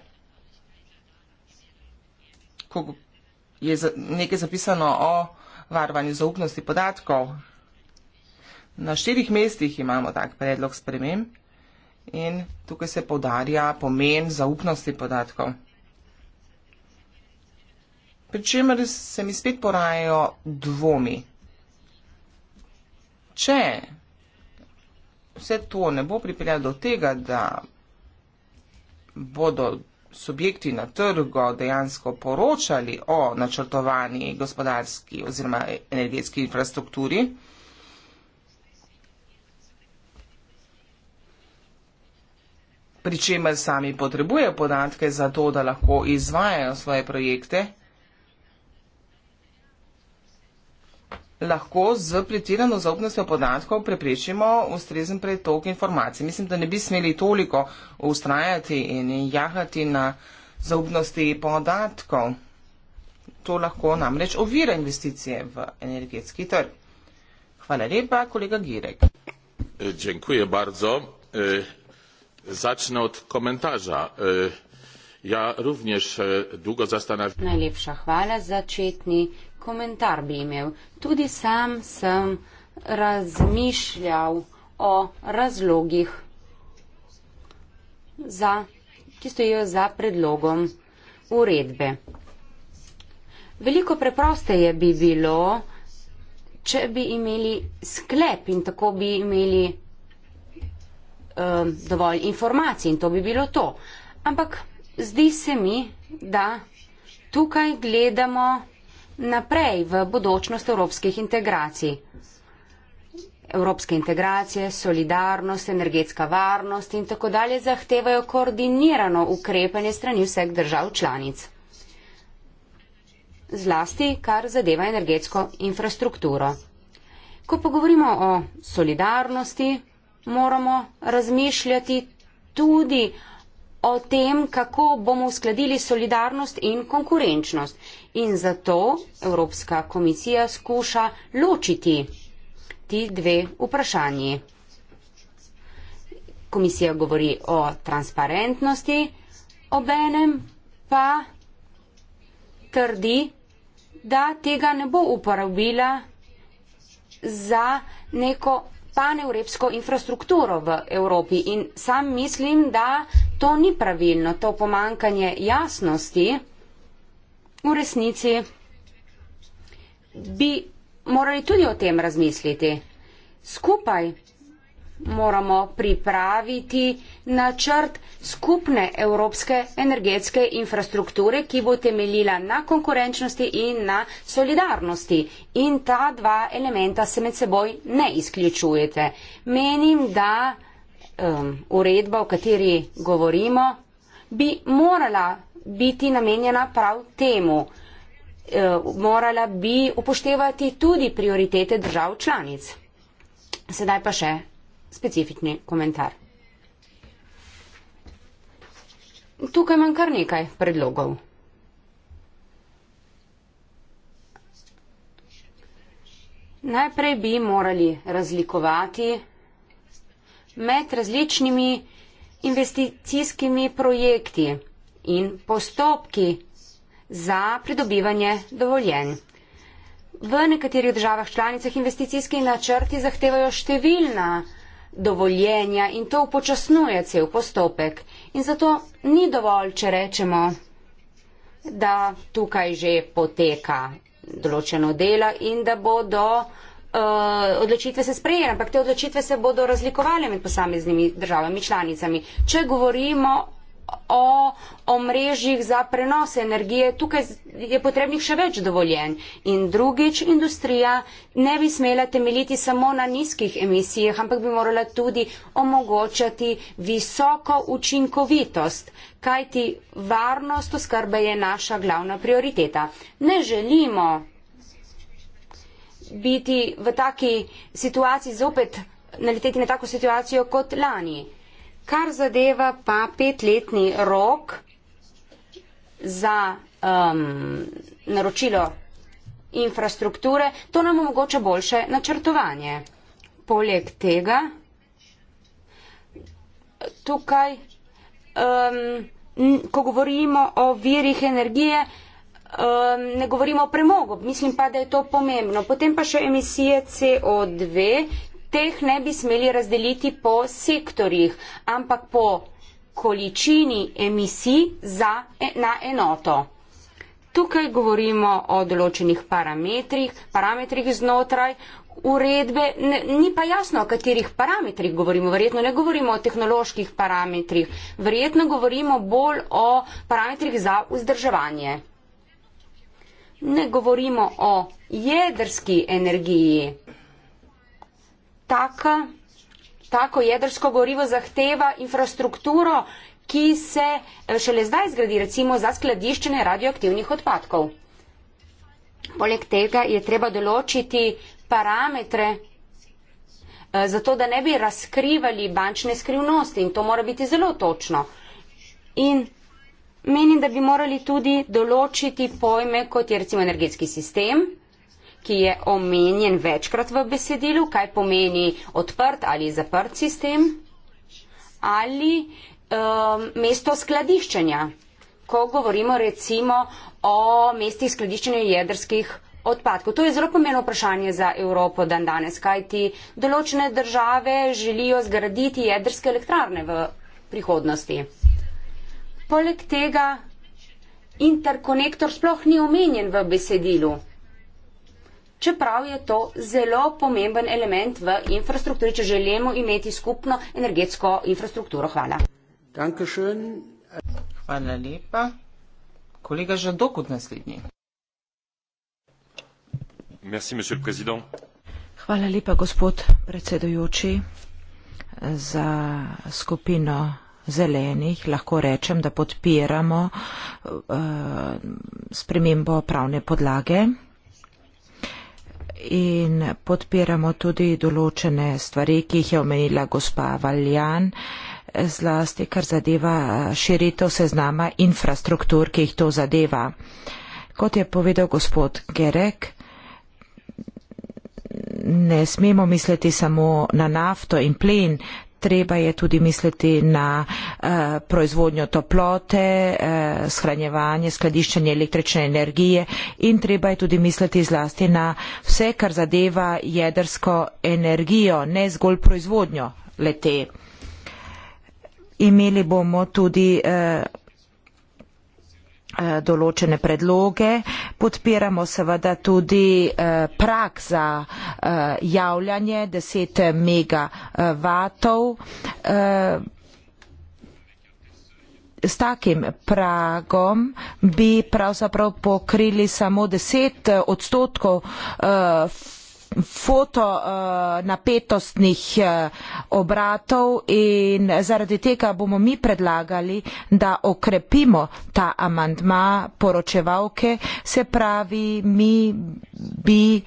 je nekaj zapisano o varovanju zaupnosti podatkov. Na štirih mestih imamo tak predlog sprememb in tukaj se povdarja pomen zaupnosti podatkov. Pričemer se mi spet porajajo dvomi. Če vse to ne bo pripeljalo do tega, da bodo subjekti na trgu dejansko poročali o načrtovani gospodarski oziroma energetski infrastrukturi, pri čemer sami potrebujejo podatke za to, da lahko izvajajo svoje projekte, lahko z pretirano zaupnostjo podatkov preprečimo ustrezen pretok informacij. Mislim, da ne bi smeli toliko ustrajati in jahati na zaupnosti podatkov. To lahko namreč ovira investicije v energetski trg. Hvala lepa, kolega Girek. E, dziękuję bardzo. E, Začne od komentarja. E, ja, również długo zastanawiam. Najlepša hvala za četni komentar bi imel. Tudi sam sem razmišljal o razlogih, za, ki stojijo za predlogom uredbe. Veliko preprosteje bi bilo, če bi imeli sklep in tako bi imeli um, dovolj informacij in to bi bilo to. Ampak zdi se mi, da tukaj gledamo naprej v bodočnost evropskih integracij. Evropske integracije, solidarnost, energetska varnost in tako dalje zahtevajo koordinirano ukrepanje strani vseh držav članic. Zlasti, kar zadeva energetsko infrastrukturo. Ko pogovorimo o solidarnosti, moramo razmišljati tudi o tem, kako bomo uskladili solidarnost in konkurenčnost. In zato Evropska komisija skuša ločiti ti dve vprašanji. Komisija govori o transparentnosti, obenem pa trdi, da tega ne bo uporabila za neko paneuropsko infrastrukturo v Evropi in sam mislim, da to ni pravilno, to pomankanje jasnosti v resnici bi morali tudi o tem razmisliti. Skupaj moramo pripraviti načrt skupne evropske energetske infrastrukture, ki bo temeljila na konkurenčnosti in na solidarnosti. In ta dva elementa se med seboj ne izključujete. Menim, da um, uredba, o kateri govorimo, bi morala biti namenjena prav temu. E, morala bi upoštevati tudi prioritete držav članic. Sedaj pa še specifični komentar. Tukaj imam kar nekaj predlogov. Najprej bi morali razlikovati med različnimi investicijskimi projekti in postopki za pridobivanje dovoljenj. V nekaterih državah članicah investicijski načrti zahtevajo številna dovoljenja in to upočasnjuje cel postopek. In zato ni dovolj, če rečemo, da tukaj že poteka določeno dela in da bodo uh, odločitve se sprejele, ampak te odločitve se bodo razlikovale med posameznimi državami članicami. Če govorimo o omrežjih za prenos energije. Tukaj je potrebnih še več dovoljenj. In drugič, industrija ne bi smela temeljiti samo na nizkih emisijah, ampak bi morala tudi omogočati visoko učinkovitost, kajti varnost oskrbe je naša glavna prioriteta. Ne želimo biti v taki situaciji zopet naleteti na tako situacijo kot lani. Kar zadeva pa petletni rok za um, naročilo infrastrukture, to nam omogoča boljše načrtovanje. Poleg tega tukaj, um, ko govorimo o virih energije, um, ne govorimo o premogu, mislim pa, da je to pomembno. Potem pa še emisije CO2, teh ne bi smeli razdeliti po sektorjih, ampak po količini emisij za, e, na enoto. Tukaj govorimo o določenih parametrih, parametrih znotraj uredbe, ne, ni pa jasno, o katerih parametrih govorimo. Verjetno ne govorimo o tehnoloških parametrih, verjetno govorimo bolj o parametrih za vzdrževanje. Ne govorimo o jedrski energiji, taka, tako jedrsko gorivo zahteva infrastrukturo, ki se eh, šele zdaj zgradi, recimo za skladiščenje radioaktivnih odpadkov. Poleg tega je treba določiti parametre, eh, zato da ne bi razkrivali bančne skrivnosti in to mora biti zelo točno. In menim, da bi morali tudi določiti pojme, kot je recimo energetski sistem, ki je omenjen večkrat v besedilu, kaj pomeni odprt ali zaprt sistem, ali um, mesto skladiščenja, ko govorimo recimo o mestih skladiščenja jedrskih odpadkov. To je zelo pomeno vprašanje za Evropo dan danes, kaj ti določene države želijo zgraditi jedrske elektrarne v prihodnosti. Poleg tega interkonektor sploh ni omenjen v besedilu čeprav je to zelo pomemben element v infrastrukturi, če želimo imeti skupno energetsko infrastrukturo. Hvala. Dankeschön. Hvala lepa. Kolega Žadok od naslednji. Merci, monsieur le président. Hvala lepa, gospod predsedujoči, za skupino zelenih. Lahko rečem, da podpiramo uh, spremembo pravne podlage in podpiramo tudi določene stvari, ki jih je omenila gospa Valjan, zlasti kar zadeva širitev seznama infrastruktur, ki jih to zadeva. Kot je povedal gospod Gerek, ne smemo misliti samo na nafto in plin, treba je tudi misliti na eh, proizvodnjo toplote, eh, shranjevanje, skladiščanje električne energije in treba je tudi misliti zlasti na vse, kar zadeva jedrsko energijo, ne zgolj proizvodnjo lete. Imeli bomo tudi eh, Eh, določene predloge. Podpiramo seveda tudi eh, prak za eh, javljanje 10 megavatov. S takim pragom bi pravzaprav pokrili samo 10 odstotkov fotonapetostnih eh, eh, obratov in zaradi tega bomo mi predlagali, da okrepimo ta amandma poročevalke, se pravi, mi bi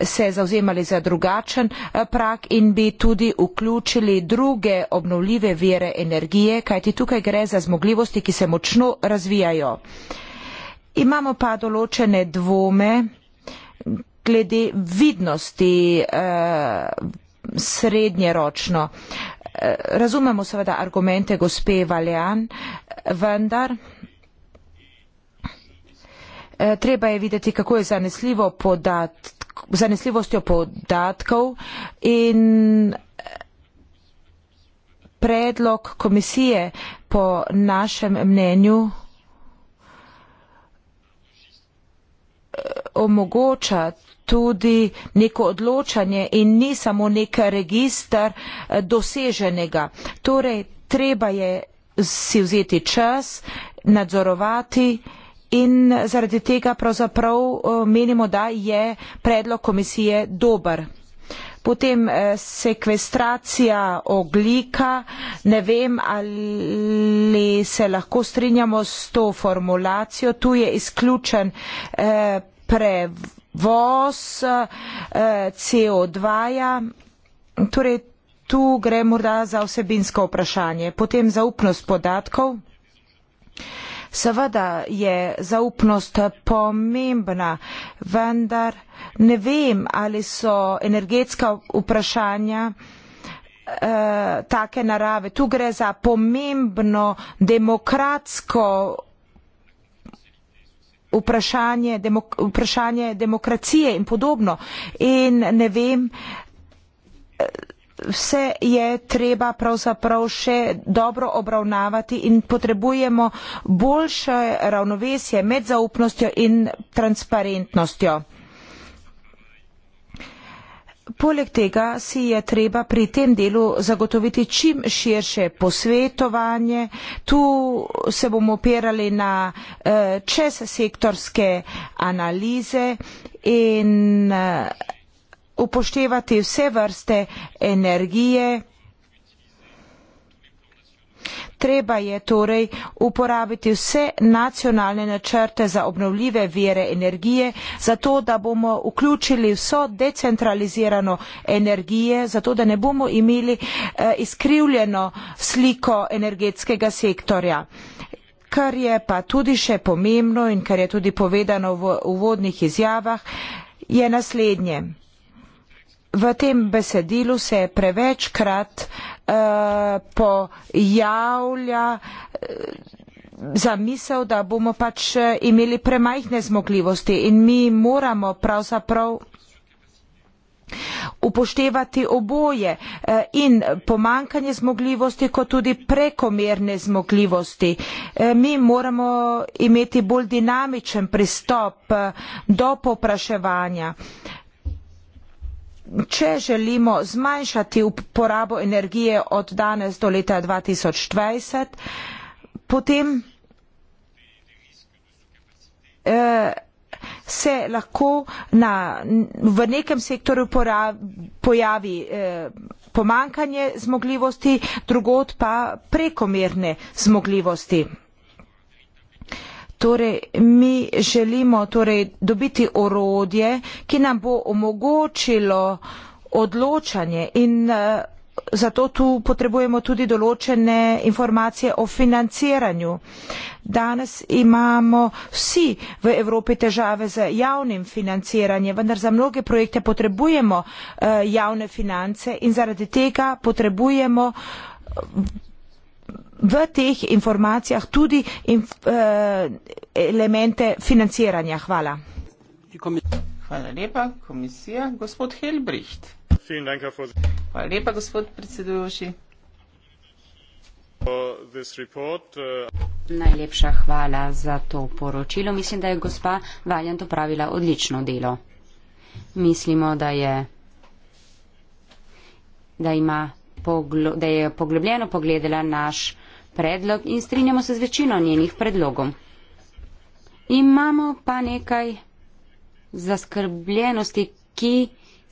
se zauzemali za drugačen eh, prak in bi tudi vključili druge obnovljive vire energije, kajti tukaj gre za zmogljivosti, ki se močno razvijajo. Imamo pa določene dvome, glede vidnosti eh, srednjeročno. Eh, razumemo seveda argumente gospe Valjan, vendar. Eh, treba je videti, kako je zanesljivo podat, zanesljivostjo podatkov in eh, predlog komisije po našem mnenju eh, omogočati tudi neko odločanje in ni samo nek registr eh, doseženega. Torej, treba je si vzeti čas, nadzorovati in zaradi tega pravzaprav eh, menimo, da je predlog komisije dober. Potem eh, sekvestracija oglika, ne vem, ali se lahko strinjamo s to formulacijo, tu je izključen eh, prevod voz eh, CO2. -ja. Torej, tu gre morda za osebinsko vprašanje. Potem zaupnost podatkov. Seveda je zaupnost pomembna, vendar ne vem, ali so energetska vprašanja eh, take narave. Tu gre za pomembno demokratsko vprašanje, demok vprašanje demokracije in podobno. In ne vem, vse je treba pravzaprav še dobro obravnavati in potrebujemo boljše ravnovesje med zaupnostjo in transparentnostjo. Poleg tega si je treba pri tem delu zagotoviti čim širše posvetovanje. Tu se bomo opirali na eh, čez sektorske analize in eh, upoštevati vse vrste energije, Treba je torej uporabiti vse nacionalne načrte za obnovljive vire energije, zato da bomo vključili vso decentralizirano energije, zato da ne bomo imeli eh, izkrivljeno sliko energetskega sektorja. Kar je pa tudi še pomembno in kar je tudi povedano v uvodnih izjavah, je naslednje. V tem besedilu se je prevečkrat Eh, pojavlja eh, zamisel, da bomo pač eh, imeli premajhne zmogljivosti in mi moramo pravzaprav upoštevati oboje in pomankanje zmogljivosti, kot tudi prekomerne zmogljivosti. Mi moramo imeti bolj dinamičen pristop do popraševanja če želimo zmanjšati uporabo energije od danes do leta 2020, potem eh, se lahko na, v nekem sektoru pora, pojavi eh, pomankanje zmogljivosti, drugot pa prekomerne zmogljivosti. Torej, mi želimo torej, dobiti orodje, ki nam bo omogočilo odločanje in uh, zato tu potrebujemo tudi določene informacije o financiranju. Danes imamo vsi v Evropi težave z javnim financiranjem, vendar za mnoge projekte potrebujemo uh, javne finance in zaradi tega potrebujemo. Uh, v teh informacijah tudi in, eh, elemente financiranja. Hvala. Hvala lepa, komisija. Gospod Helbricht. Hvala lepa, gospod predsedujoči. Report, uh... Najlepša hvala za to poročilo. Mislim, da je gospa Valjant opravila odlično delo. Mislimo, da je, da, ima, da je poglobljeno pogledala naš predlog in strinjamo se z večino njenih predlogov. Imamo pa nekaj zaskrbljenosti, ki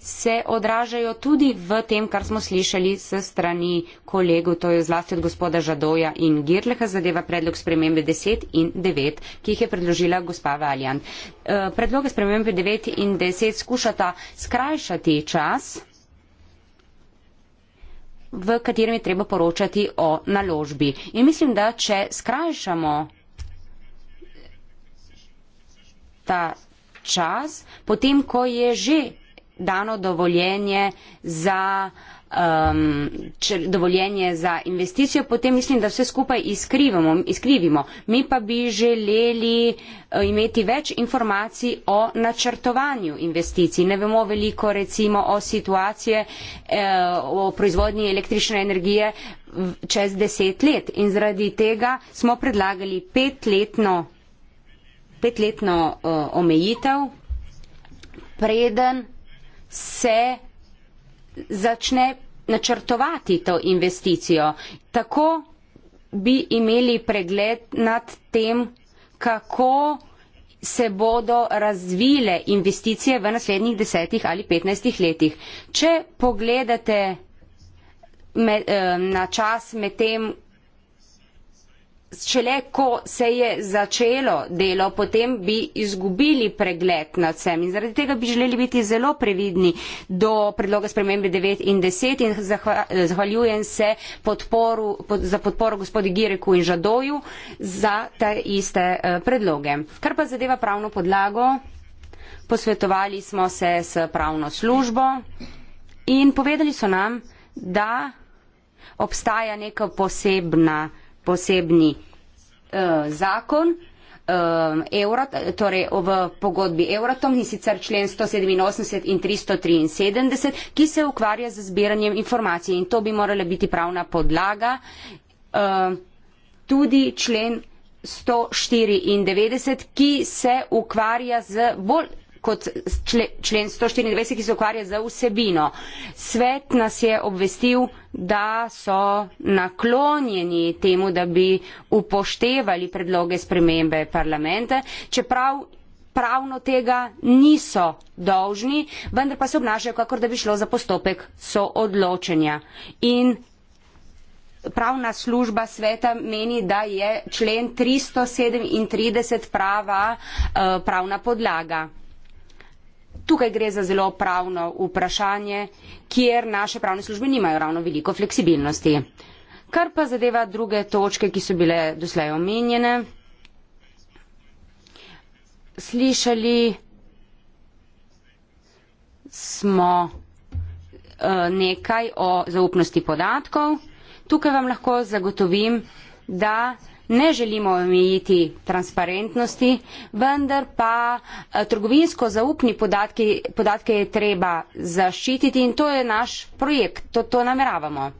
se odražajo tudi v tem, kar smo slišali se strani kolegov, to je zlasti od gospoda Žadoja in Girleha, zadeva predlog spremembe 10 in 9, ki jih je predložila gospa Valjan. Eh, predloge spremembe 9 in 10 skušata skrajšati čas v katerem je treba poročati o naložbi. In mislim, da če skrajšamo ta čas, potem, ko je že dano dovoljenje za um, dovoljenje za investicijo, potem mislim, da vse skupaj izkrivimo. Mi pa bi želeli eh, imeti več informacij o načrtovanju investicij. Ne vemo veliko recimo o situacije eh, o proizvodnji električne energije čez deset let in zaradi tega smo predlagali petletno, petletno eh, omejitev, preden se začne načrtovati to investicijo. Tako bi imeli pregled nad tem, kako se bodo razvile investicije v naslednjih desetih ali petnajstih letih. Če pogledate me, eh, na čas med tem, Šele ko se je začelo delo, potem bi izgubili pregled nad vsem in zaradi tega bi želeli biti zelo previdni do predloga spremembe 9 in 10 in zahvaljujem se podporu, za podporo gospodi Gireku in Žadoju za te iste eh, predloge. Kar pa zadeva pravno podlago, posvetovali smo se s pravno službo in povedali so nam, da obstaja neka posebna posebni uh, zakon. Evra, eh, torej v pogodbi Euratom in sicer člen 187 in 373, ki se ukvarja z zbiranjem informacij in to bi morala biti pravna podlaga. Eh, tudi člen 194, ki se ukvarja z bolj kot člen 124, ki se ukvarja z vsebino. Svet nas je obvestil, da so naklonjeni temu, da bi upoštevali predloge spremembe parlamenta, čeprav pravno tega niso dolžni, vendar pa se obnašajo, kakor da bi šlo za postopek soodločenja. In pravna služba sveta meni, da je člen 337 prava uh, pravna podlaga tukaj gre za zelo pravno vprašanje, kjer naše pravne službe nimajo ravno veliko fleksibilnosti. Kar pa zadeva druge točke, ki so bile doslej omenjene, slišali smo eh, nekaj o zaupnosti podatkov. Tukaj vam lahko zagotovim, da ne želimo omejiti transparentnosti, vendar pa eh, trgovinsko zaupni podatke, podatke je treba zaščititi in to je naš projekt, to, to nameravamo.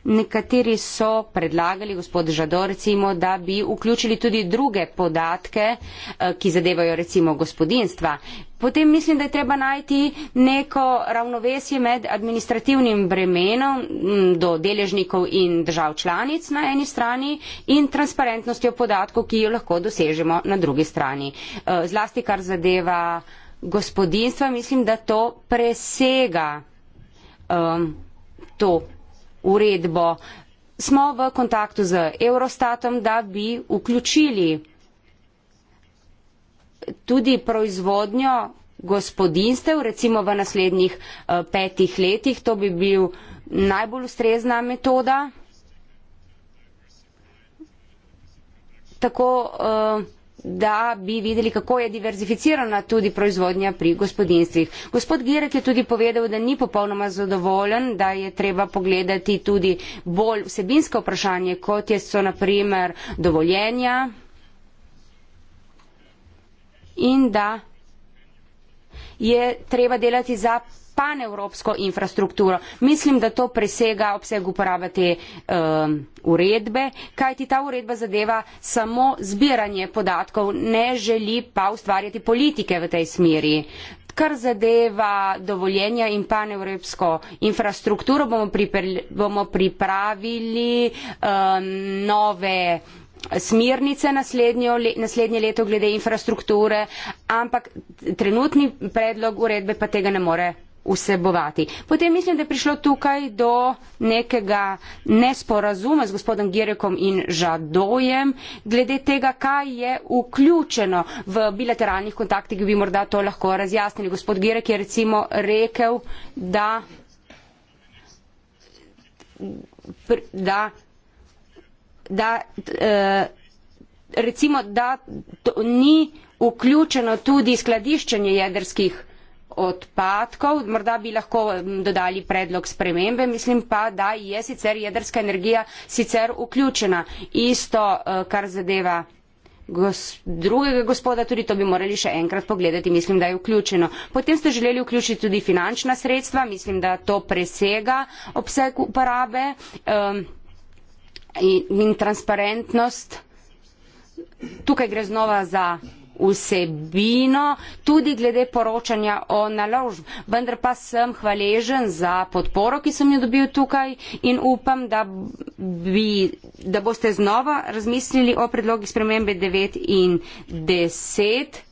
Nekateri so predlagali, gospod Žador, recimo, da bi vključili tudi druge podatke, eh, ki zadevajo recimo gospodinstva. Potem mislim, da je treba najti neko ravnovesje med administrativnim bremenom mm, do deležnikov in držav članic na eni strani in transparentnostjo podatkov, ki jo lahko dosežemo na drugi strani. Eh, zlasti kar zadeva gospodinstva, mislim, da to presega um, to uredbo. Smo v kontaktu z Eurostatom, da bi vključili tudi proizvodnjo gospodinstev, recimo v naslednjih eh, petih letih. To bi bil najbolj ustrezna metoda. Tako uh, da bi videli, kako je diverzificirana tudi proizvodnja pri gospodinstvih. Gospod Girek je tudi povedal, da ni popolnoma zadovoljen, da je treba pogledati tudi bolj vsebinsko vprašanje, kot je so naprimer dovoljenja in da je treba delati za panevropsko infrastrukturo. Mislim, da to presega obseg uporabe te um, uredbe, kajti ta uredba zadeva samo zbiranje podatkov, ne želi pa ustvarjati politike v tej smeri. Kar zadeva dovoljenja in panevropsko infrastrukturo, bomo, pripeli, bomo pripravili um, nove smirnice naslednjo, le, naslednje leto glede infrastrukture, ampak trenutni predlog uredbe pa tega ne more vsebovati. Potem mislim, da je prišlo tukaj do nekega nesporazuma z gospodom Girekom in Žadojem glede tega, kaj je vključeno v bilateralnih kontaktih, ki bi morda to lahko razjasnili. Gospod Girek je recimo rekel, da, da, da eh, recimo, da to ni vključeno tudi skladiščenje jedrskih odpadkov. Morda bi lahko mm, dodali predlog spremembe, mislim pa, da je sicer jedrska energija sicer vključena. Isto, eh, kar zadeva gos drugega gospoda, tudi to bi morali še enkrat pogledati, mislim, da je vključeno. Potem ste želeli vključiti tudi finančna sredstva, mislim, da to presega obseg uporabe um, in, in transparentnost. Tukaj gre znova za vsebino, tudi glede poročanja o naložb. Vendar pa sem hvaležen za podporo, ki sem jo dobil tukaj in upam, da, bi, da boste znova razmislili o predlogi spremembe 9 in 10.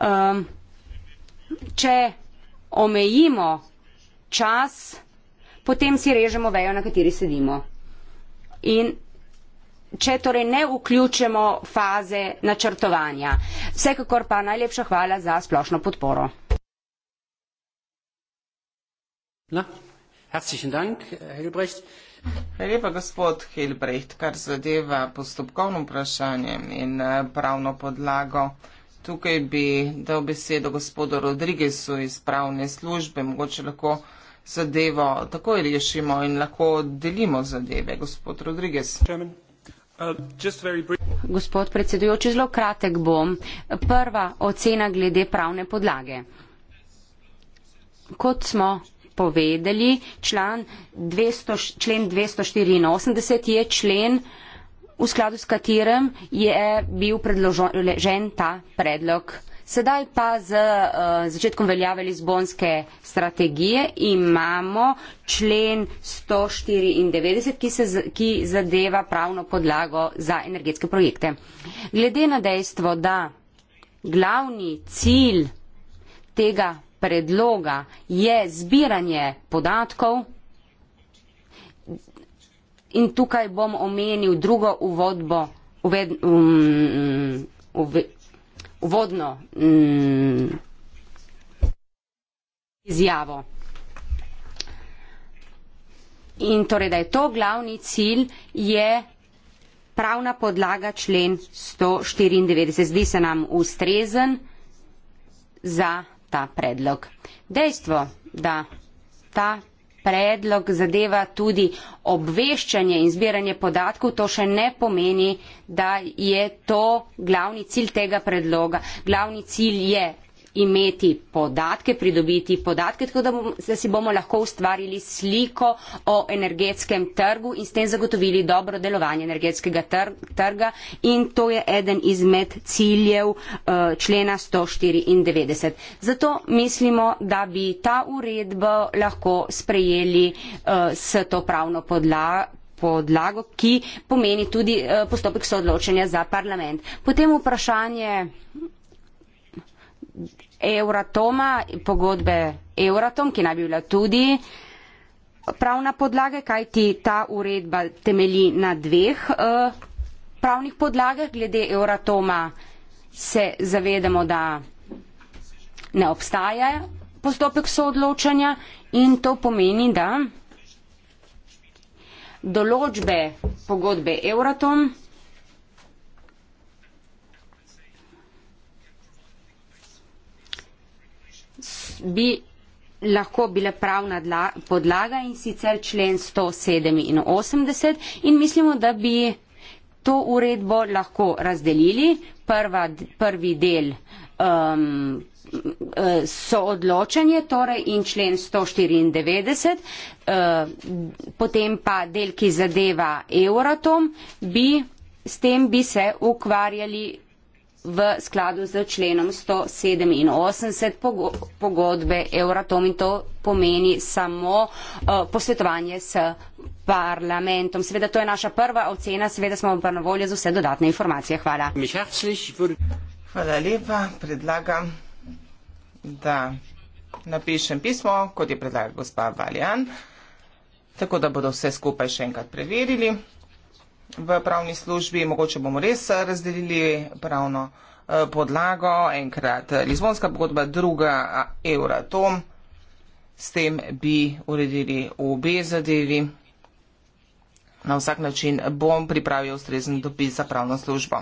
Um, ehm, če omejimo čas, potem si režemo vejo, na kateri sedimo. In če torej ne vključimo faze načrtovanja. Vsekakor pa najlepša hvala za splošno podporo. Na. Herzlichen Dank, Helbrecht. Hvala lepa, gospod Helbrecht, kar zadeva postopkovno vprašanje in eh, pravno podlago. Tukaj bi dal besedo gospodu Rodrigesu iz pravne službe. Mogoče lahko zadevo takoj rešimo in lahko delimo zadeve. Gospod Rodriges. Chairman. Gospod predsedujoči, zelo kratek bom. Prva ocena glede pravne podlage. Kot smo povedali, član 200, člen 284 je člen, v skladu s katerem je bil predložen ta predlog Sedaj pa z uh, začetkom veljave Lizbonske strategije imamo člen 194, ki, se, ki zadeva pravno podlago za energetske projekte. Glede na dejstvo, da glavni cilj tega predloga je zbiranje podatkov, In tukaj bom omenil drugo uvodbo, uved, um, uve, uvodno mm, izjavo. In torej, da je to glavni cilj, je pravna podlaga člen 194. Zdi se nam ustrezen za ta predlog. Dejstvo, da ta predlog zadeva tudi obveščanje in zbiranje podatkov, to še ne pomeni, da je to glavni cilj tega predloga. Glavni cilj je imeti podatke, pridobiti podatke, tako da, bom, da si bomo lahko ustvarili sliko o energetskem trgu in s tem zagotovili dobro delovanje energetskega trg, trga in to je eden izmed ciljev uh, člena 194. Zato mislimo, da bi ta uredba lahko sprejeli uh, s to pravno podlago podlago, ki pomeni tudi eh, postopek soodločenja za parlament. Potem vprašanje Euratoma, pogodbe Euratom, ki naj bi bila tudi pravna podlaga, kaj ti ta uredba temelji na dveh uh, pravnih podlagah. Glede Euratoma se zavedamo, da ne obstaja postopek soodločanja in to pomeni, da določbe pogodbe Euratom bi lahko bila pravna podlaga in sicer člen 187 in mislimo, da bi to uredbo lahko razdelili. Prva, prvi del um, so odločanje, torej in člen 194, uh, potem pa del, ki zadeva Euratom, bi, s tem bi se ukvarjali v skladu z členom 187 pogodbe Euratom in to pomeni samo uh, posvetovanje s parlamentom. Seveda to je naša prva ocena, seveda smo pa na voljo za vse dodatne informacije. Hvala. Hvala lepa. Predlagam, da napišem pismo, kot je predlagala gospa Valjan, tako da bodo vse skupaj še enkrat preverili v pravni službi, mogoče bomo res razdelili pravno eh, podlago, enkrat eh, Lizbonska pogodba, druga Euratom, eh, s tem bi uredili obe zadevi. Na vsak način bom pripravil ustrezen dopis za pravno službo.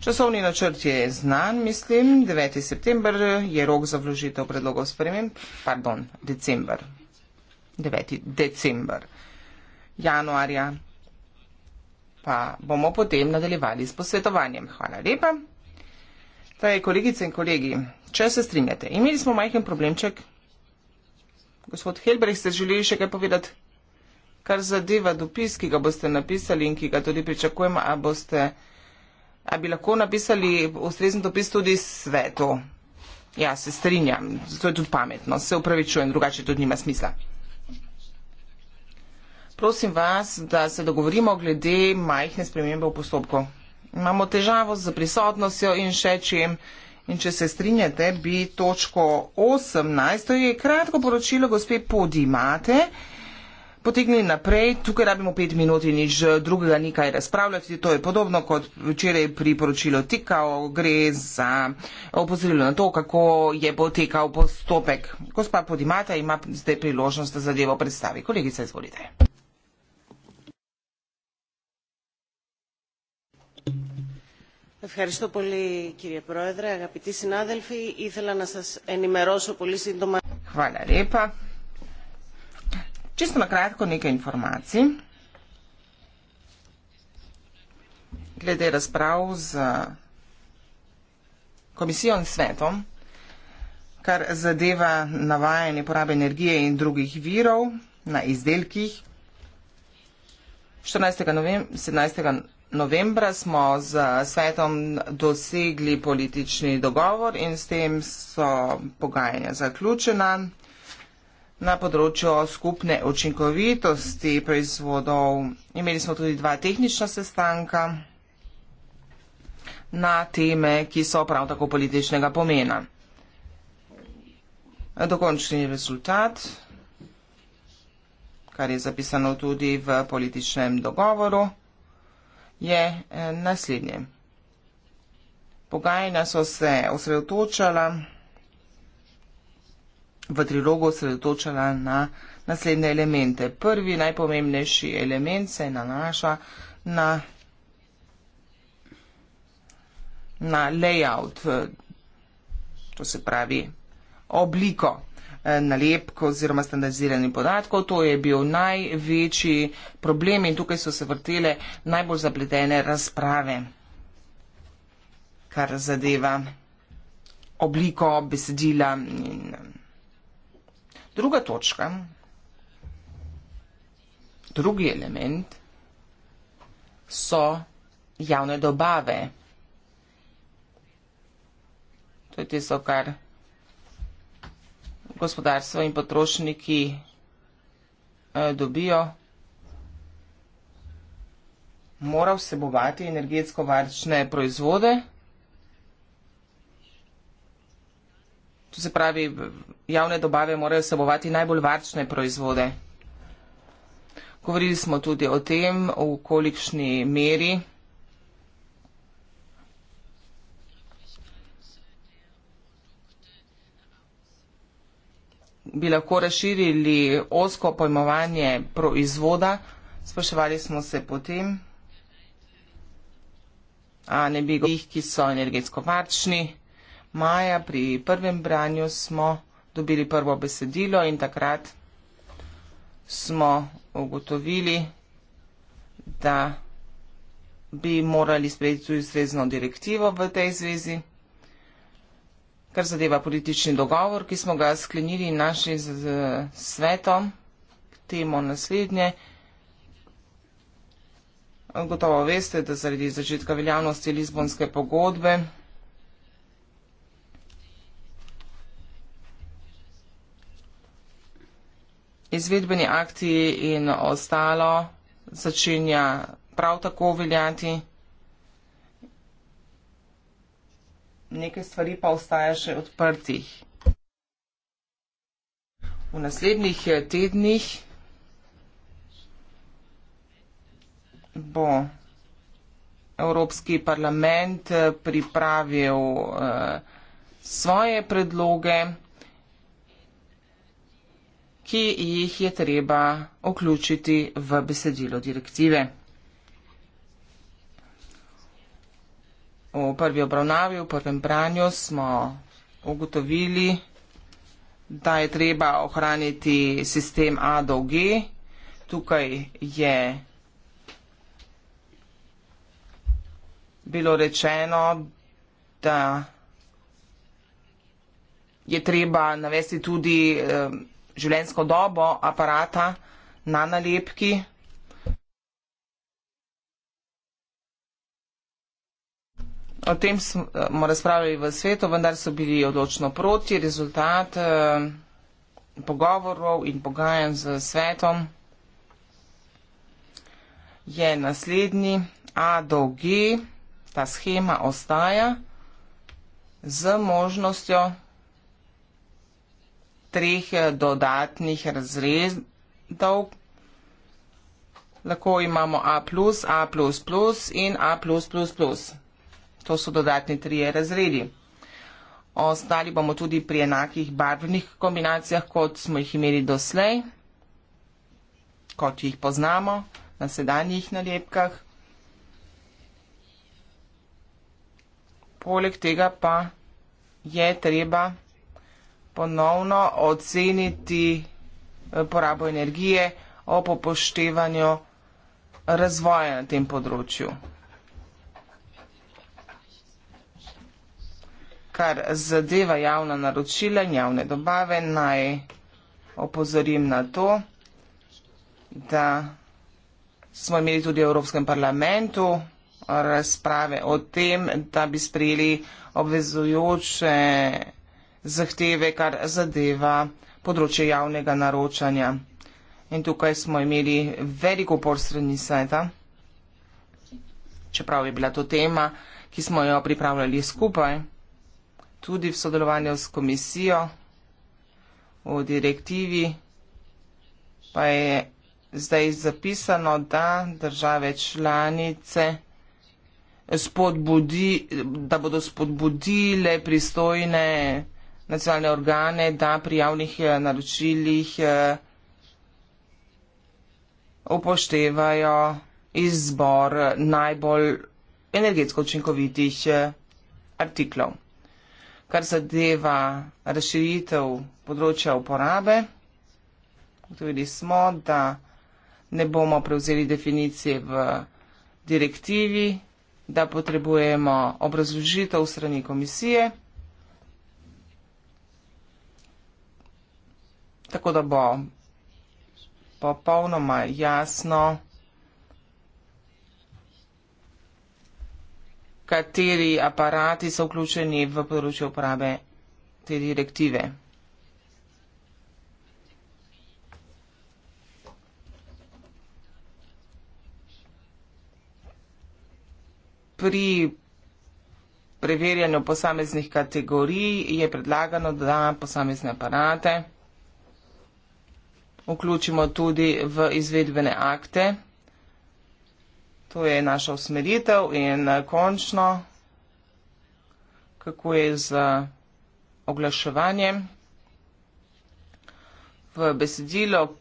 Časovni načrt je znan, mislim, 9. september je rok za vložitev predlogov sprememb, pardon, december. 9. december januarja. Pa bomo potem nadaljevali s posvetovanjem. Hvala lepa. Zdaj, torej, kolegice in kolegi, če se strinjate, imeli smo majhen problemček. Gospod Helberg, ste želeli še kaj povedati? Kar zadeva dopis, ki ga boste napisali in ki ga tudi pričakujemo, a, boste, a bi lahko napisali ustrezen dopis tudi svetu. Ja, se strinjam, zato je tudi pametno, se upravičujem, drugače tudi nima smisla prosim vas, da se dogovorimo glede majhne spremembe v postopku. Imamo težavo z prisotnostjo in še čem. In če se strinjate, bi točko 18, to je kratko poročilo gospe Podimate, potegnili naprej. Tukaj rabimo pet minut in nič drugega ni kaj razpravljati. To je podobno kot včeraj pri poročilu Tikao, gre za opozorilo na to, kako je potekal postopek. Gospa Podimata ima zdaj priložnost, da zadevo predstavi. Kolegica, izvolite. Ευχαριστώ πολύ κύριε Πρόεδρε. Αγαπητοί συνάδελφοι, ήθελα να σας ενημερώσω πολύ σύντομα. Χαλά ρίπα. Чисто на кратко нека информации. Гледа и разправо за комисион светом, кар задева навајање пораба енергија и других виров на изделки. 14. новем, 17 novembra smo z svetom dosegli politični dogovor in s tem so pogajanja zaključena. Na področju skupne učinkovitosti proizvodov imeli smo tudi dva tehnična sestanka na teme, ki so prav tako političnega pomena. Dokončni rezultat, kar je zapisano tudi v političnem dogovoru je eh, naslednje. Pogajanja so se osredotočala v trilogu osredotočala na naslednje elemente. Prvi najpomembnejši element se nanaša na, na layout, eh, to se pravi obliko. Eh, nalepk oziroma standardiziranih podatkov. To je bil največji problem in tukaj so se vrtele najbolj zapletene razprave, kar zadeva obliko besedila. In... Eh, druga točka, drugi element so javne dobave. To je tisto, kar gospodarstvo in potrošniki eh, dobijo, mora vsebovati energetsko varčne proizvode. To se pravi, javne dobave morajo vsebovati najbolj varčne proizvode. Govorili smo tudi o tem, v kolikšni meri. bi lahko razširili osko pojmovanje proizvoda. Spraševali smo se potem, a ne bi govorili, ki so energetsko varčni. Maja pri prvem branju smo dobili prvo besedilo in takrat smo ugotovili, da bi morali sprejeti tudi srezno direktivo v tej zvezi kar zadeva politični dogovor, ki smo ga sklenili naši z, z svetom, temo naslednje. Gotovo veste, da zaradi začetka veljavnosti Lizbonske pogodbe izvedbeni akti in ostalo začenja prav tako veljati. nekaj stvari pa ostaja še odprtih. V naslednjih eh, tednih bo Evropski parlament eh, pripravil eh, svoje predloge, ki jih je treba vključiti v besedilo direktive. V prvi obravnavi, v prvem branju smo ugotovili, da je treba ohraniti sistem A do G. Tukaj je bilo rečeno, da je treba navesti tudi eh, življensko dobo aparata na nalepki. O tem smo razpravljali v svetu, vendar so bili odločno proti. Rezultat eh, pogovorov in pogajanj z svetom je naslednji A do G. Ta schema ostaja z možnostjo treh eh, dodatnih razredov. Lahko imamo A, A in A to so dodatni trije razredi. Ostali bomo tudi pri enakih barvnih kombinacijah, kot smo jih imeli doslej, kot jih poznamo na sedanjih nalepkah. Poleg tega pa je treba ponovno oceniti eh, porabo energije ob upoštevanju razvoja na tem področju. kar zadeva javna naročila in javne dobave, naj opozorim na to, da smo imeli tudi v Evropskem parlamentu razprave o tem, da bi sprejeli obvezujoče zahteve, kar zadeva področje javnega naročanja. In tukaj smo imeli veliko upor strani sveta, čeprav je bila to tema, ki smo jo pripravljali skupaj tudi v sodelovanju s komisijo o direktivi, pa je zdaj zapisano, da države članice spodbudi, da bodo spodbudile pristojne nacionalne organe, da pri javnih eh, naročilih eh, upoštevajo izbor najbolj energetsko učinkovitih eh, artiklov kar zadeva razširitev področja uporabe. Ugotovili smo, da ne bomo prevzeli definicije v direktivi, da potrebujemo obrazložitev strani komisije, tako da bo popolnoma jasno, kateri aparati so vključeni v področje uporabe te direktive. Pri preverjanju posameznih kategorij je predlagano, da posamezne aparate vključimo tudi v izvedbene akte. To je naša usmeritev in eh, končno, kako je z eh, oglaševanjem. V besedilo,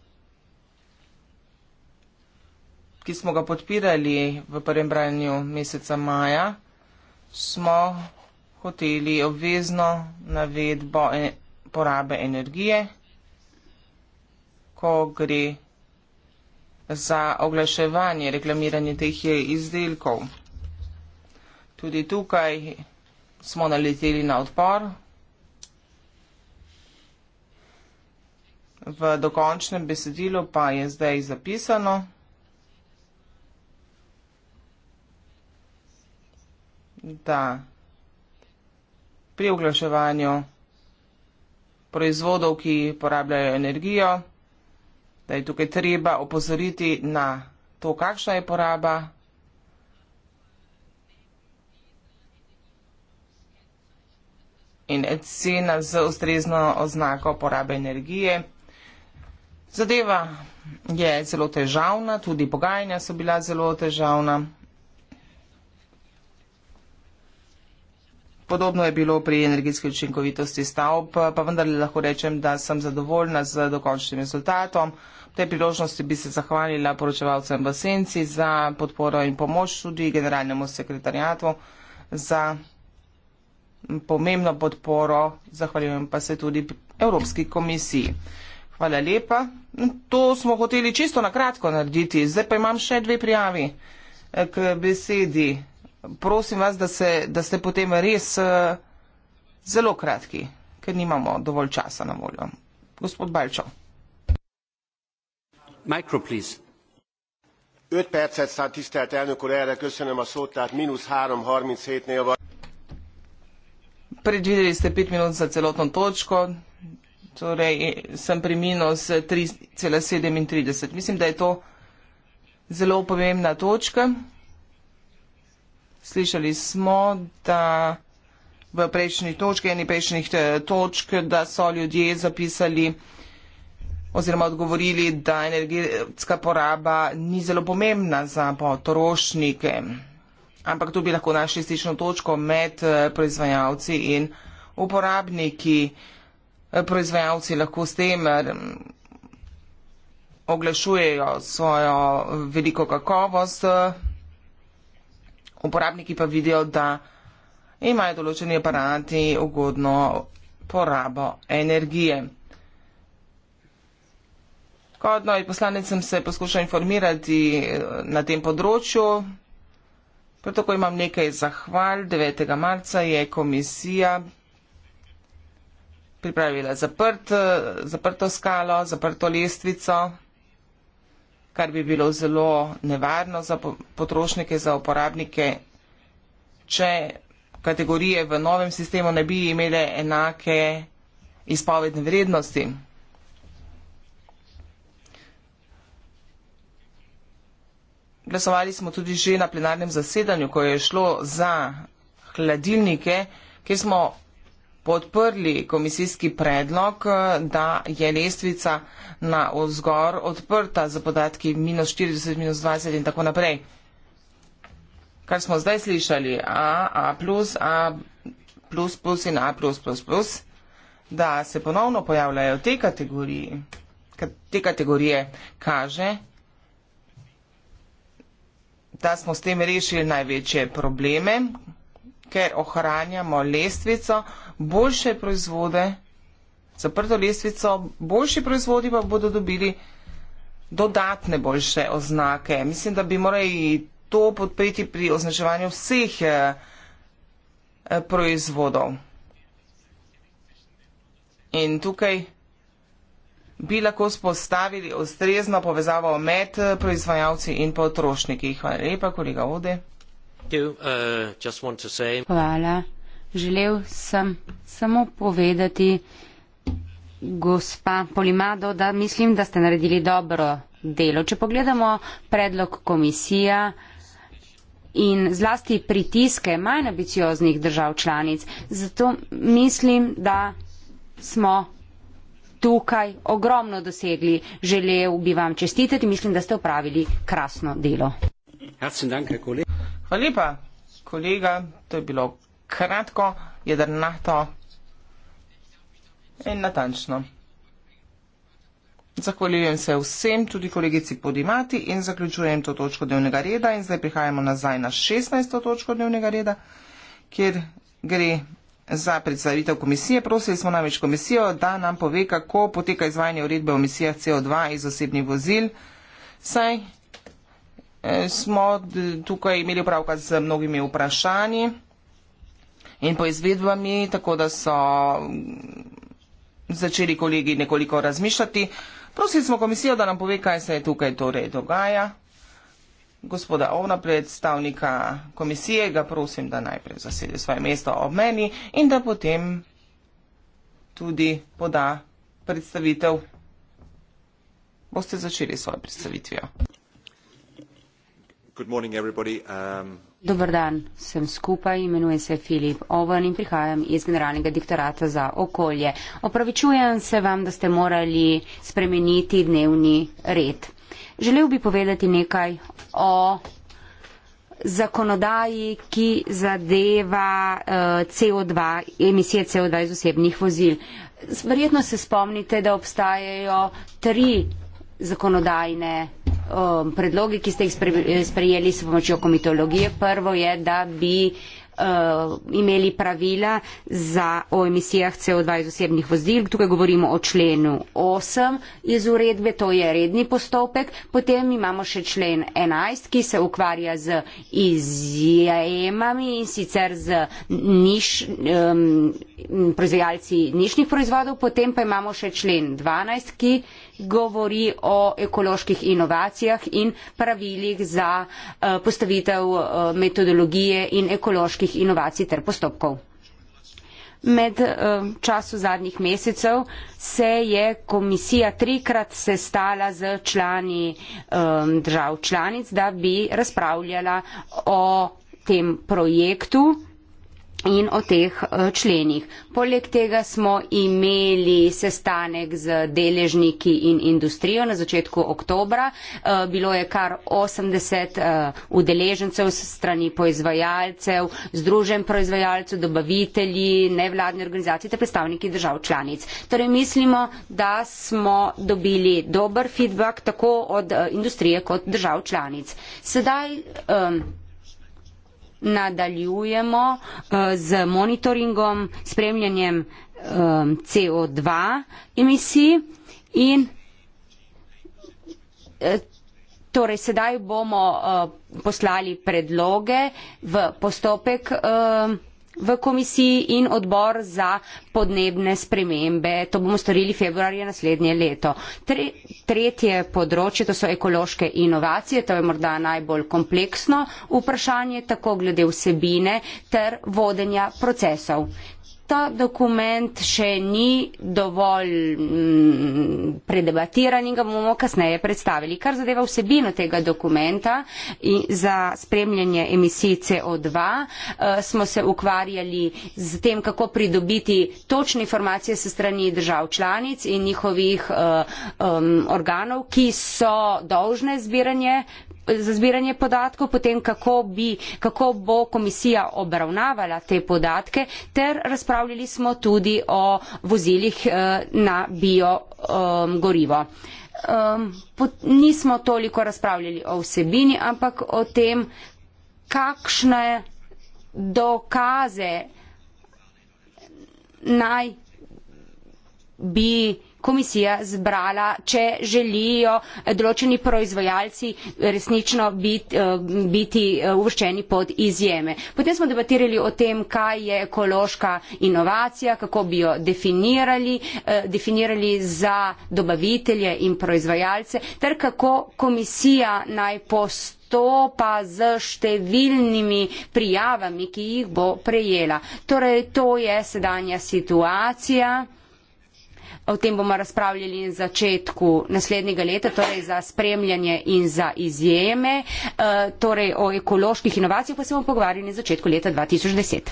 ki smo ga podpirali v prvem branju meseca maja, smo hoteli obvezno navedbo e, porabe energije, ko gre za za oglaševanje, reklamiranje teh izdelkov. Tudi tukaj smo naleteli na odpor. V dokončnem besedilu pa je zdaj zapisano, da pri oglaševanju proizvodov, ki porabljajo energijo, da je tukaj treba opozoriti na to, kakšna je poraba. In cena z ustrezno oznako porabe energije. Zadeva je zelo težavna, tudi pogajanja so bila zelo težavna. Podobno je bilo pri energetski učinkovitosti stavb, pa vendar lahko rečem, da sem zadovoljna z dokončnim rezultatom. V tej priložnosti bi se zahvalila poročevalcem v Senci za podporo in pomoč tudi generalnemu sekretarjatu za pomembno podporo. Zahvaljujem pa se tudi Evropski komisiji. Hvala lepa. To smo hoteli čisto na kratko narediti. Zdaj pa imam še dve prijavi eh, k besedi prosim vas, da, se, da ste potem res uh, zelo kratki, ker nimamo dovolj časa na voljo. Gospod Balčov. Mikro, please. 5 percet, sad tisztelt elnök úr, erre köszönöm a szót, tehát mínusz 3.37-nél van. Predvideli ste 5 minút za celotno točko, torej eh, sem pri mínus 3.37. Myslím, da je to zelo pomembna točka. Slišali smo, da v prejšnjih točkah, eni prejšnjih eh, točk, da so ljudje zapisali oziroma odgovorili, da energetska poraba ni zelo pomembna za potrošnike. Ampak tu bi lahko našli stično točko med eh, proizvajalci in uporabniki. Eh, proizvajalci lahko s tem oglašujejo svojo veliko kakovost uporabniki pa vidijo, da imajo določeni aparati ugodno porabo energije. Kot novi poslanec sem se poskušal informirati eh, na tem področju. Prav tako imam nekaj zahval. 9. marca je komisija pripravila zaprt, eh, zaprto skalo, zaprto lestvico kar bi bilo zelo nevarno za potrošnike, za uporabnike, če kategorije v novem sistemu ne bi imele enake izpovedne vrednosti. Glasovali smo tudi že na plenarnem zasedanju, ko je šlo za hladilnike, kjer smo podprli komisijski predlog, da je lestvica na vzgor odprta za podatki minus 40, minus 20 in tako naprej. Kar smo zdaj slišali, A, A, plus, A, plus, plus in A, plus, plus, plus, da se ponovno pojavljajo te kategorije, te kategorije kaže, da smo s tem rešili največje probleme, ker ohranjamo lestvico, boljše proizvode, zaprto lestvico, boljši proizvodi pa bodo dobili dodatne boljše oznake. Mislim, da bi morali to podpreti pri označevanju vseh eh, eh, proizvodov. In tukaj bi lahko spostavili ustrezno povezavo med eh, proizvajalci in potrošniki. Hvala lepa, kolega Ode. Uh, Hvala želel sem samo povedati, gospa Polimado, da mislim, da ste naredili dobro delo. Če pogledamo predlog komisija in zlasti pritiske manj ambicioznih držav članic, zato mislim, da smo tukaj ogromno dosegli. Želel bi vam čestitati, mislim, da ste upravili krasno delo. Hvala lepa, kolega. To je bilo kratko, jedrnato in natančno. Zahvaljujem se vsem, tudi kolegici Podimati in zaključujem to točko dnevnega reda in zdaj prihajamo nazaj na 16. točko dnevnega reda, kjer gre za predstavitev komisije. Prosili smo namreč komisijo, da nam pove, kako poteka izvajanje uredbe o emisijah CO2 iz osebnih vozil. Saj eh, smo tukaj imeli upravka z mnogimi vprašanji in po izvedbami, tako da so mm, začeli kolegi nekoliko razmišljati. Prosili smo komisijo, da nam pove, kaj se je tukaj torej dogaja. Gospoda Ovna, predstavnika komisije, ga prosim, da najprej zasede svoje mesto ob meni in da potem tudi poda predstavitev. Boste začeli svojo predstavitvijo. Good morning, everybody. Um, Dobr dan, sem skupaj, imenujem se Filip Oven in prihajam iz Generalnega diktorata za okolje. Opravičujem se vam, da ste morali spremeniti dnevni red. Želel bi povedati nekaj o zakonodaji, ki zadeva eh, CO2, emisije CO2 iz osebnih vozil. Verjetno se spomnite, da obstajajo tri zakonodajne um, predlogi, ki ste jih sprejeli s pomočjo komitologije. Prvo je, da bi uh, imeli pravila za, o emisijah CO2 iz osebnih vozil. Tukaj govorimo o členu 8 iz uredbe, to je redni postopek. Potem imamo še člen 11, ki se ukvarja z izjemami in sicer z niš, um, proizvajalci nišnih proizvodov. Potem pa imamo še člen 12, ki govori o ekoloških inovacijah in pravilih za eh, postavitev eh, metodologije in ekoloških inovacij ter postopkov. Med eh, času zadnjih mesecev se je komisija trikrat sestala z člani držav članic, da bi razpravljala o tem projektu in o teh eh, členih. Poleg tega smo imeli sestanek z deležniki in industrijo na začetku oktobra. Eh, bilo je kar 80 eh, udeležencev strani poizvajalcev, združen proizvajalcev, dobavitelji, nevladne organizacije ter predstavniki držav članic. Torej mislimo, da smo dobili dober feedback tako od industrije kot držav članic. Sedaj, um, nadaljujemo uh, z monitoringom, spremljanjem um, eh, CO2 emisij in eh, Torej, sedaj bomo uh, poslali predloge v postopek uh, v komisiji in odbor za podnebne spremembe. To bomo storili februarja naslednje leto. Tre, tretje področje, to so ekološke inovacije, to je morda najbolj kompleksno vprašanje, tako glede vsebine ter vodenja procesov ta dokument še ni dovolj mm, predebatiran in ga bomo kasneje predstavili. Kar zadeva vsebino tega dokumenta in za spremljanje emisij CO2, eh, smo se ukvarjali z tem, kako pridobiti točne informacije se strani držav članic in njihovih eh, um, organov, ki so dolžne zbiranje za zbiranje podatkov, potem kako, bi, kako bo komisija obravnavala te podatke, ter razpravljali smo tudi o vozilih eh, na biogorivo. Ehm, um, ehm, um, nismo toliko razpravljali o vsebini, ampak o tem, kakšne dokaze naj bi komisija zbrala, če želijo določeni proizvajalci resnično eh, biti, biti eh, uvrščeni pod izjeme. Potem smo debatirali o tem, kaj je ekološka inovacija, kako bi jo definirali, eh, definirali za dobavitelje in proizvajalce ter kako komisija naj postopi to pa z številnimi prijavami, ki jih bo prejela. Torej, to je sedanja situacija. O tem bomo razpravljali na začetku naslednjega leta, torej za spremljanje in za izjeme, eh, torej o ekoloških inovacijah pa se bomo pogovarjali na začetku leta 2010.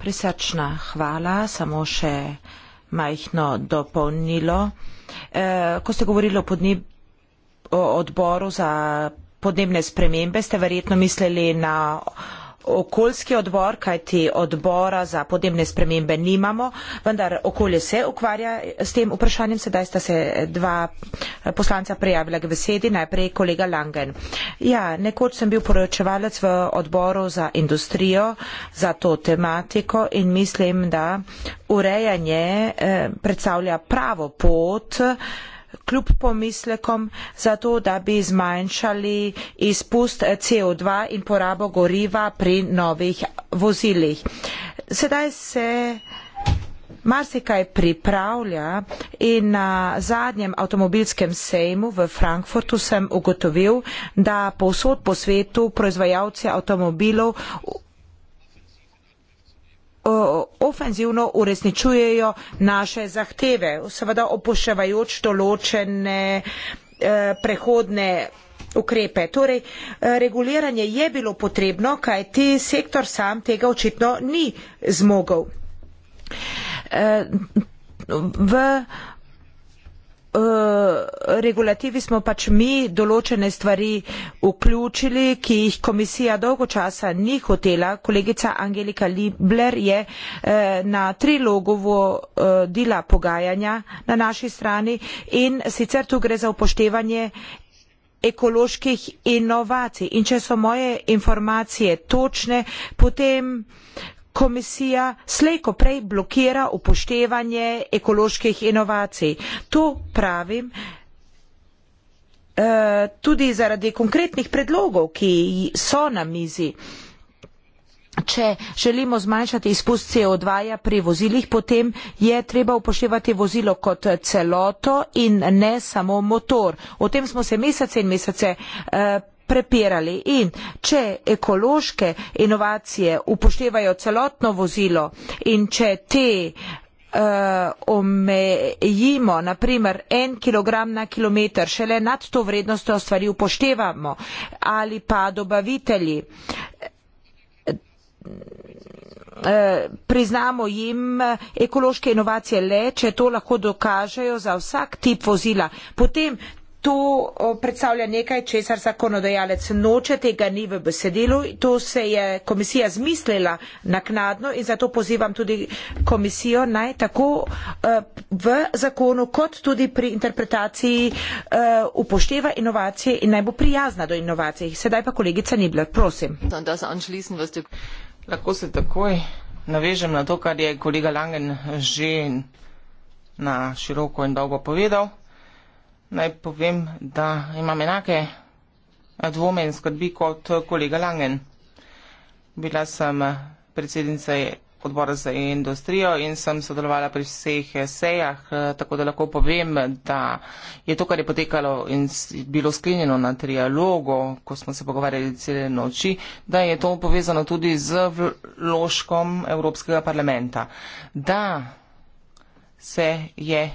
Presrčna hvala, samo še majhno dopolnilo. E, ko ste govorili o, podneb, o odboru za podnebne spremembe, ste verjetno mislili na okoljski odbor, kajti odbora za podnebne spremembe nimamo, vendar okolje se ukvarja s tem vprašanjem. Sedaj sta se dva poslanca prijavila k besedi, najprej kolega Langen. Ja, nekoč sem bil poročevalec v odboru za industrijo za to tematiko in mislim, da urejanje eh, predstavlja pravo pot kljub pomislekom za to, da bi zmanjšali izpust CO2 in porabo goriva pri novih vozilih. Sedaj se marsikaj pripravlja in na zadnjem avtomobilskem sejmu v Frankfurtu sem ugotovil, da povsod po svetu proizvajalci avtomobilov ofenzivno uresničujejo naše zahteve, seveda opuščevajoč določene eh, prehodne ukrepe. Torej, eh, reguliranje je bilo potrebno, kaj ti sektor sam tega očitno ni zmogel. Eh, v uh, regulativi smo pač mi določene stvari vključili, ki jih komisija dolgo časa ni hotela. Kolegica Angelika Libler je uh, na trilogovo uh, eh, dela pogajanja na naši strani in sicer tu gre za upoštevanje ekoloških inovacij. In če so moje informacije točne, potem komisija slejko prej blokira upoštevanje ekoloških inovacij. To pravim eh, tudi zaradi konkretnih predlogov, ki so na mizi. Če želimo zmanjšati izpust CO2 ja pri vozilih, potem je treba upoštevati vozilo kot celoto in ne samo motor. O tem smo se mesece in mesece eh, prepirali in če ekološke inovacije upoštevajo celotno vozilo in če te Uh, omejimo naprimer en kilogram na kilometr, šele nad to vrednost to stvari upoštevamo ali pa dobavitelji uh, priznamo jim ekološke inovacije le, če to lahko dokažejo za vsak tip vozila. Potem To predstavlja nekaj, česar zakonodajalec noče, tega ni v besedilu. To se je komisija zmislila naknadno in zato pozivam tudi komisijo naj tako e, v zakonu kot tudi pri interpretaciji e, upošteva inovacije in naj bo prijazna do inovacij. Sedaj pa kolegica Nibler, prosim. Lahko se takoj navežem na to, kar je kolega Langen že na široko in dolgo povedal naj povem, da imam enake dvome in skrbi kot kolega Langen. Bila sem predsednica odbora za industrijo in sem sodelovala pri vseh sejah, tako da lahko povem, da je to, kar je potekalo in bilo sklenjeno na trialogu, ko smo se pogovarjali cele noči, da je to povezano tudi z vložkom Evropskega parlamenta. Da se je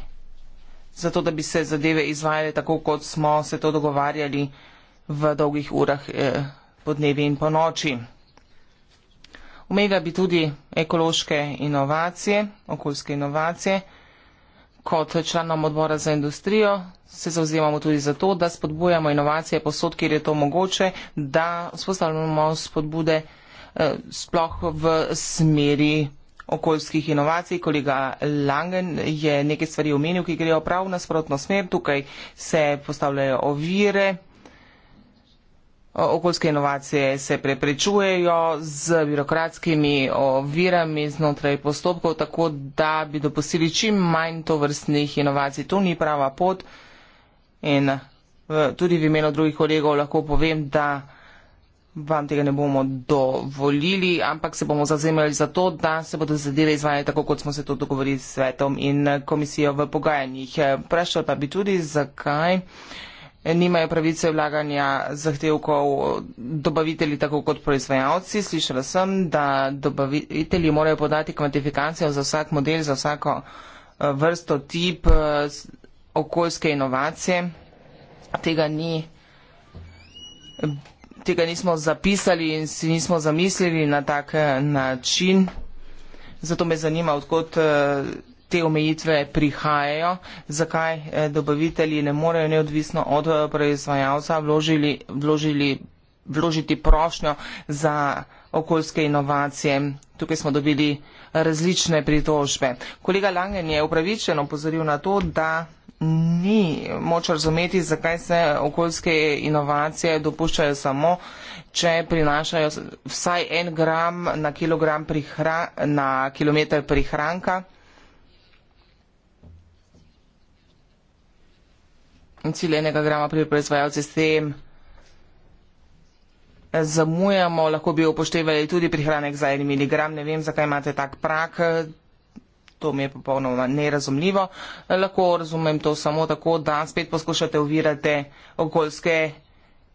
zato da bi se zadeve izvajale tako, kot smo se to dogovarjali v dolgih urah eh, po dnevi in po noči. Omega bi tudi ekološke inovacije, okoljske inovacije. Kot članom odbora za industrijo se zauzemamo tudi za to, da spodbujamo inovacije posod, kjer je to mogoče, da spostavljamo spodbude eh, sploh v smeri okoljskih inovacij. Kolega Langen je nekaj stvari omenil, ki grejo prav nasprotno smer. Tukaj se postavljajo ovire. Okoljske inovacije se preprečujejo z birokratskimi ovirami znotraj postopkov, tako da bi dopustili čim manj to vrstnih inovacij. To ni prava pot in tudi v imenu drugih kolegov lahko povem, da vam tega ne bomo dovolili, ampak se bomo zazemljali za to, da se bodo zadeve izvajali tako, kot smo se to dogovorili s svetom in eh, komisijo v pogajanjih. Eh, vprašal pa bi tudi, zakaj eh, nimajo pravice vlaganja zahtevkov dobavitelji tako kot proizvajalci. Slišala sem, da dobavitelji morajo podati kvantifikacijo za vsak model, za vsako vrsto, tip okoljske inovacije. Tega ni tega nismo zapisali in si nismo zamislili na tak eh, način. Zato me zanima, odkot eh, te omejitve prihajajo, zakaj eh, dobavitelji ne morejo neodvisno od proizvajalca vložili, vložili vložiti prošnjo za okoljske inovacije. Tukaj smo dobili različne pritožbe. Kolega Langen je upravičeno pozoril na to, da ni moč razumeti, zakaj se okoljske inovacije dopuščajo samo, če prinašajo vsaj en gram na, kilogram na kilometr prihranka. Cilj enega grama pri proizvajalci s tem zamujamo, lahko bi upoštevali tudi prihranek za en miligram, ne vem, zakaj imate tak prak. To mi je popolnoma nerazumljivo. Lahko razumem to samo tako, da spet poskušate uvirati okoljske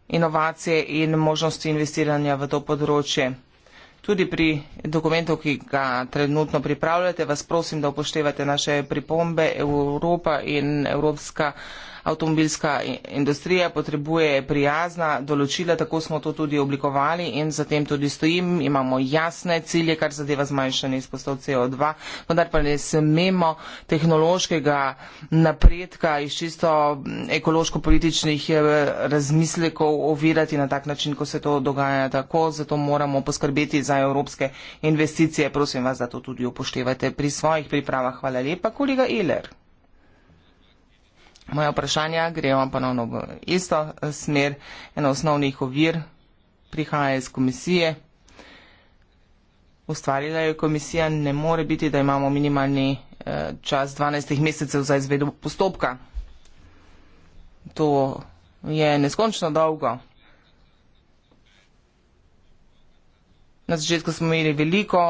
inovacije in možnosti investiranja v to področje. Tudi pri dokumentu, ki ga trenutno pripravljate, vas prosim, da upoštevate naše pripombe Evropa in Evropska unija avtomobilska industrija potrebuje prijazna določila, tako smo to tudi oblikovali in za tem tudi stojim. Imamo jasne cilje, kar zadeva zmanjšanje izpostav CO2, vendar pa ne smemo tehnološkega napredka iz čisto mm, ekološko-političnih eh, razmislekov ovirati na tak način, ko se to dogaja tako, zato moramo poskrbeti za evropske investicije. Prosim vas, da to tudi upoštevate pri svojih pripravah. Hvala lepa, kolega Iler moja vprašanja grejo vam ponovno v isto smer. Eno osnovnih ovir prihaja iz komisije. Ustvarila je komisija, ne more biti, da imamo minimalni eh, čas 12 mesecev za izvedbo postopka. To je neskončno dolgo. Na začetku smo imeli veliko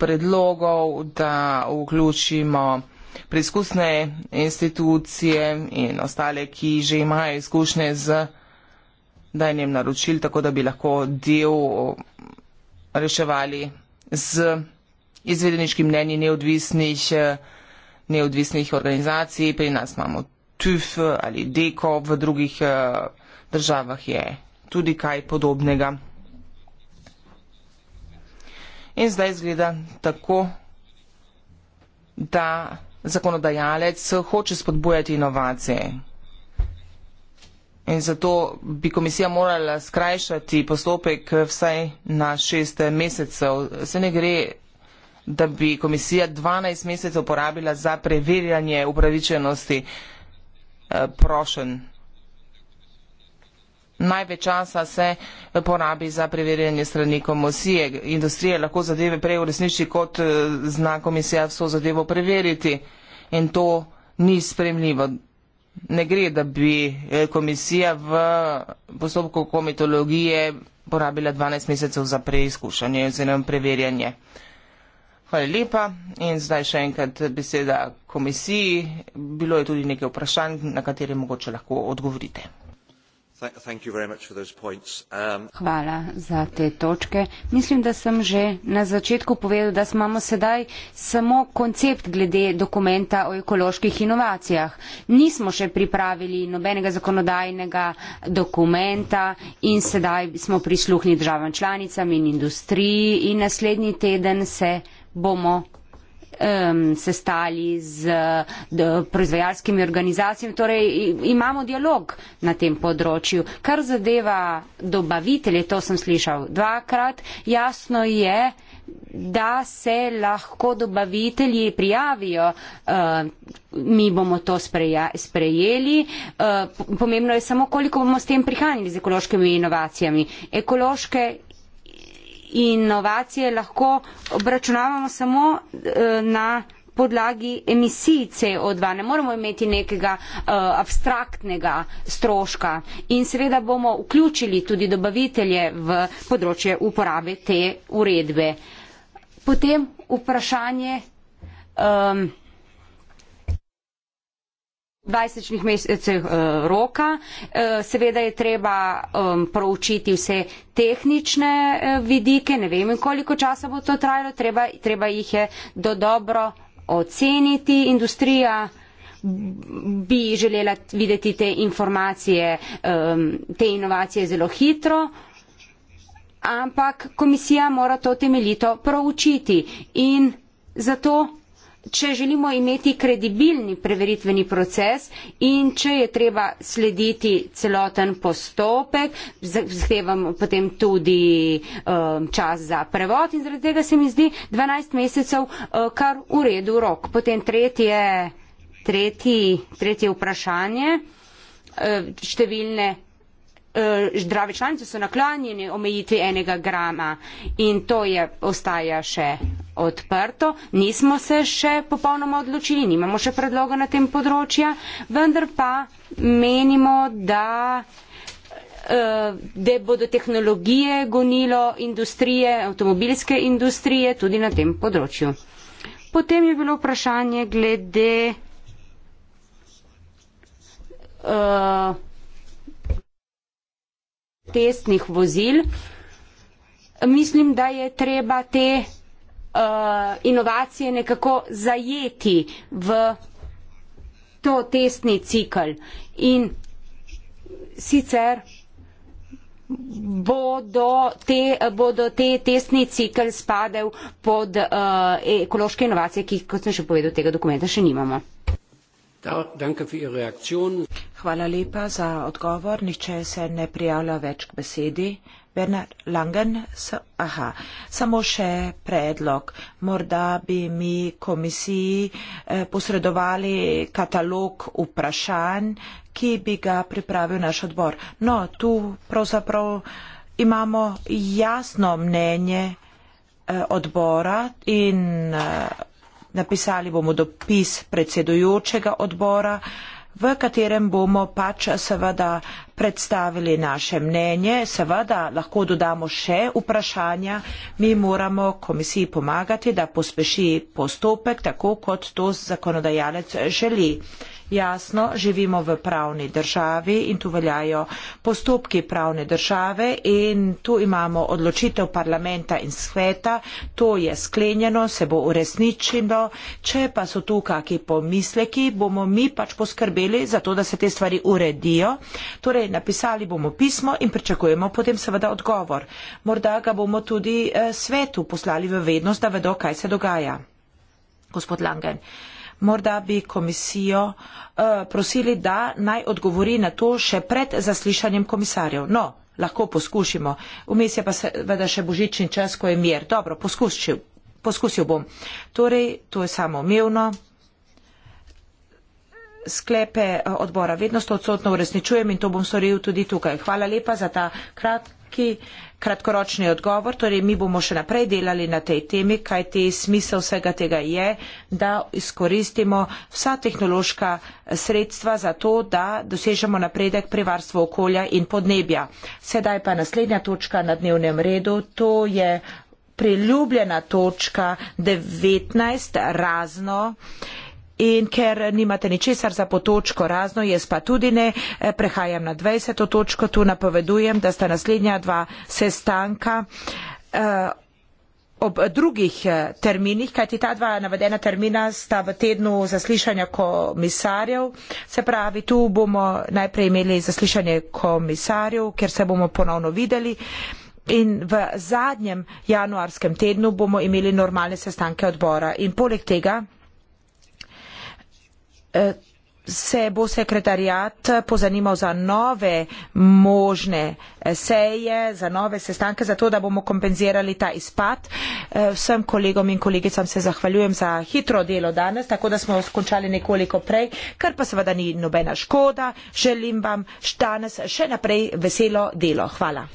predlogov, da vključimo preizkusne institucije in ostale, ki že imajo izkušnje z dajanjem naročil, tako da bi lahko del reševali z izvedeniškim mnenji neodvisnih, neodvisnih organizacij. Pri nas imamo TÜV ali DECO, v drugih državah je tudi kaj podobnega. In zdaj izgleda tako, da zakonodajalec hoče spodbujati inovacije. In zato bi komisija morala skrajšati postopek vsaj na šest mesecev. Se ne gre, da bi komisija 12 mesecev porabila za preverjanje upravičenosti eh, prošen največ časa se porabi za preverjanje strani komisije. Industrija lahko zadeve prej uresniči, kot eh, zna komisija vso zadevo preveriti. In to ni spremljivo. Ne gre, da bi eh, komisija v postopku komitologije porabila 12 mesecev za preizkušanje oziroma preverjanje. Hvala lepa in zdaj še enkrat beseda komisiji. Bilo je tudi nekaj vprašanj, na katere mogoče lahko odgovorite. Um, Hvala za te točke. Mislim, da sem že na začetku povedal, da imamo sedaj samo koncept glede dokumenta o ekoloških inovacijah. Nismo še pripravili nobenega zakonodajnega dokumenta in sedaj smo prisluhni državam članicam in industriji in naslednji teden se bomo um, sestali z proizvajalskimi organizacijami, torej imamo dialog na tem področju. Kar zadeva dobavitelje, to sem slišal dvakrat, jasno je, da se lahko dobavitelji prijavijo, uh, mi bomo to spreja, sprejeli. Uh, pomembno je samo, koliko bomo s tem prihranili z ekološkimi inovacijami. Ekološke inovacije lahko obračunavamo samo eh, na podlagi emisij CO2. Ne moramo imeti nekega uh, abstraktnega stroška in seveda bomo vključili tudi dobavitelje v področje uporabe te uredbe. Potem vprašanje um, 20 mesecev uh, roka. Uh, seveda je treba um, proučiti vse tehnične uh, vidike, ne vem, koliko časa bo to trajalo, treba, treba jih je do dobro oceniti. Industrija bi želela videti te informacije, um, te inovacije zelo hitro, ampak komisija mora to temeljito proučiti in zato če želimo imeti kredibilni preveritveni proces in če je treba slediti celoten postopek, zahtevam potem tudi um, čas za prevod in zaradi tega se mi zdi 12 mesecev uh, kar v redu rok. Potem tretje, tretji, tretje vprašanje, uh, številne zdrave eh, članice so naklonjene omejitvi enega grama in to je, ostaja še odprto. Nismo se še popolnoma odločili, nimamo še predloga na tem področju, vendar pa menimo, da eh, da bodo tehnologije gonilo industrije, avtomobilske industrije tudi na tem področju. Potem je bilo vprašanje glede uh, testnih vozil. Mislim, da je treba te uh, inovacije nekako zajeti v to testni cikl. In sicer bodo te, bodo te testni cikl spadev pod uh, e, ekološke inovacije, ki, kot sem še povedal, tega dokumenta še nimamo. Hvala lepa za odgovor. Nihče se ne prijavlja več k besedi. Bernard Langen, so, aha, samo še predlog. Morda bi mi komisiji eh, posredovali katalog vprašanj, ki bi ga pripravil naš odbor. No, tu pravzaprav imamo jasno mnenje eh, odbora in eh, napisali bomo dopis predsedujočega odbora. Eh, v katerem bomo pač seveda predstavili naše mnenje. Seveda lahko dodamo še vprašanja. Mi moramo komisiji pomagati, da pospeši postopek tako, kot to zakonodajalec želi. Jasno, živimo v pravni državi in tu veljajo postopki pravne države in tu imamo odločitev parlamenta in sveta, to je sklenjeno, se bo uresničilo, če pa so tu kakšni pomisleki, bomo mi pač poskrbeli za to, da se te stvari uredijo. Torej, napisali bomo pismo in pričakujemo potem seveda odgovor. Morda ga bomo tudi eh, svetu poslali v vednost, da vedo, kaj se dogaja. Gospod Langen morda bi komisijo eh, prosili, da naj odgovori na to še pred zaslišanjem komisarjev. No, lahko poskušimo. Vmes je pa seveda še božični čas, ko je mir. Dobro, poskušil, poskusil bom. Torej, to je samoumevno. Sklepe eh, odbora vedno stotno uresničujem in to bom storil tudi tukaj. Hvala lepa za ta kratki. Uh, Kratkoročni odgovor, torej mi bomo še naprej delali na tej temi, kaj ti smisel vsega tega je, da izkoristimo vsa tehnološka sredstva za to, da dosežemo napredek pri varstvu okolja in podnebja. Sedaj pa naslednja točka na dnevnem redu, to je priljubljena točka 19 razno. In ker nimate ničesar za potočko, razno jaz pa tudi ne, eh, prehajam na 20. točko, tu napovedujem, da sta naslednja dva sestanka eh, ob drugih eh, terminih, kajti ta dva navedena termina sta v tednu zaslišanja komisarjev. Se pravi, tu bomo najprej imeli zaslišanje komisarjev, ker se bomo ponovno videli. In v zadnjem januarskem tednu bomo imeli normalne sestanke odbora. In poleg tega se bo sekretarjat pozanimal za nove možne eh, seje, za nove sestanke, zato da bomo kompenzirali ta izpad. Eh, vsem kolegom in kolegicam se zahvaljujem za hitro delo danes, tako da smo skončali nekoliko prej, kar pa seveda ni nobena škoda. Želim vam danes še naprej veselo delo. Hvala.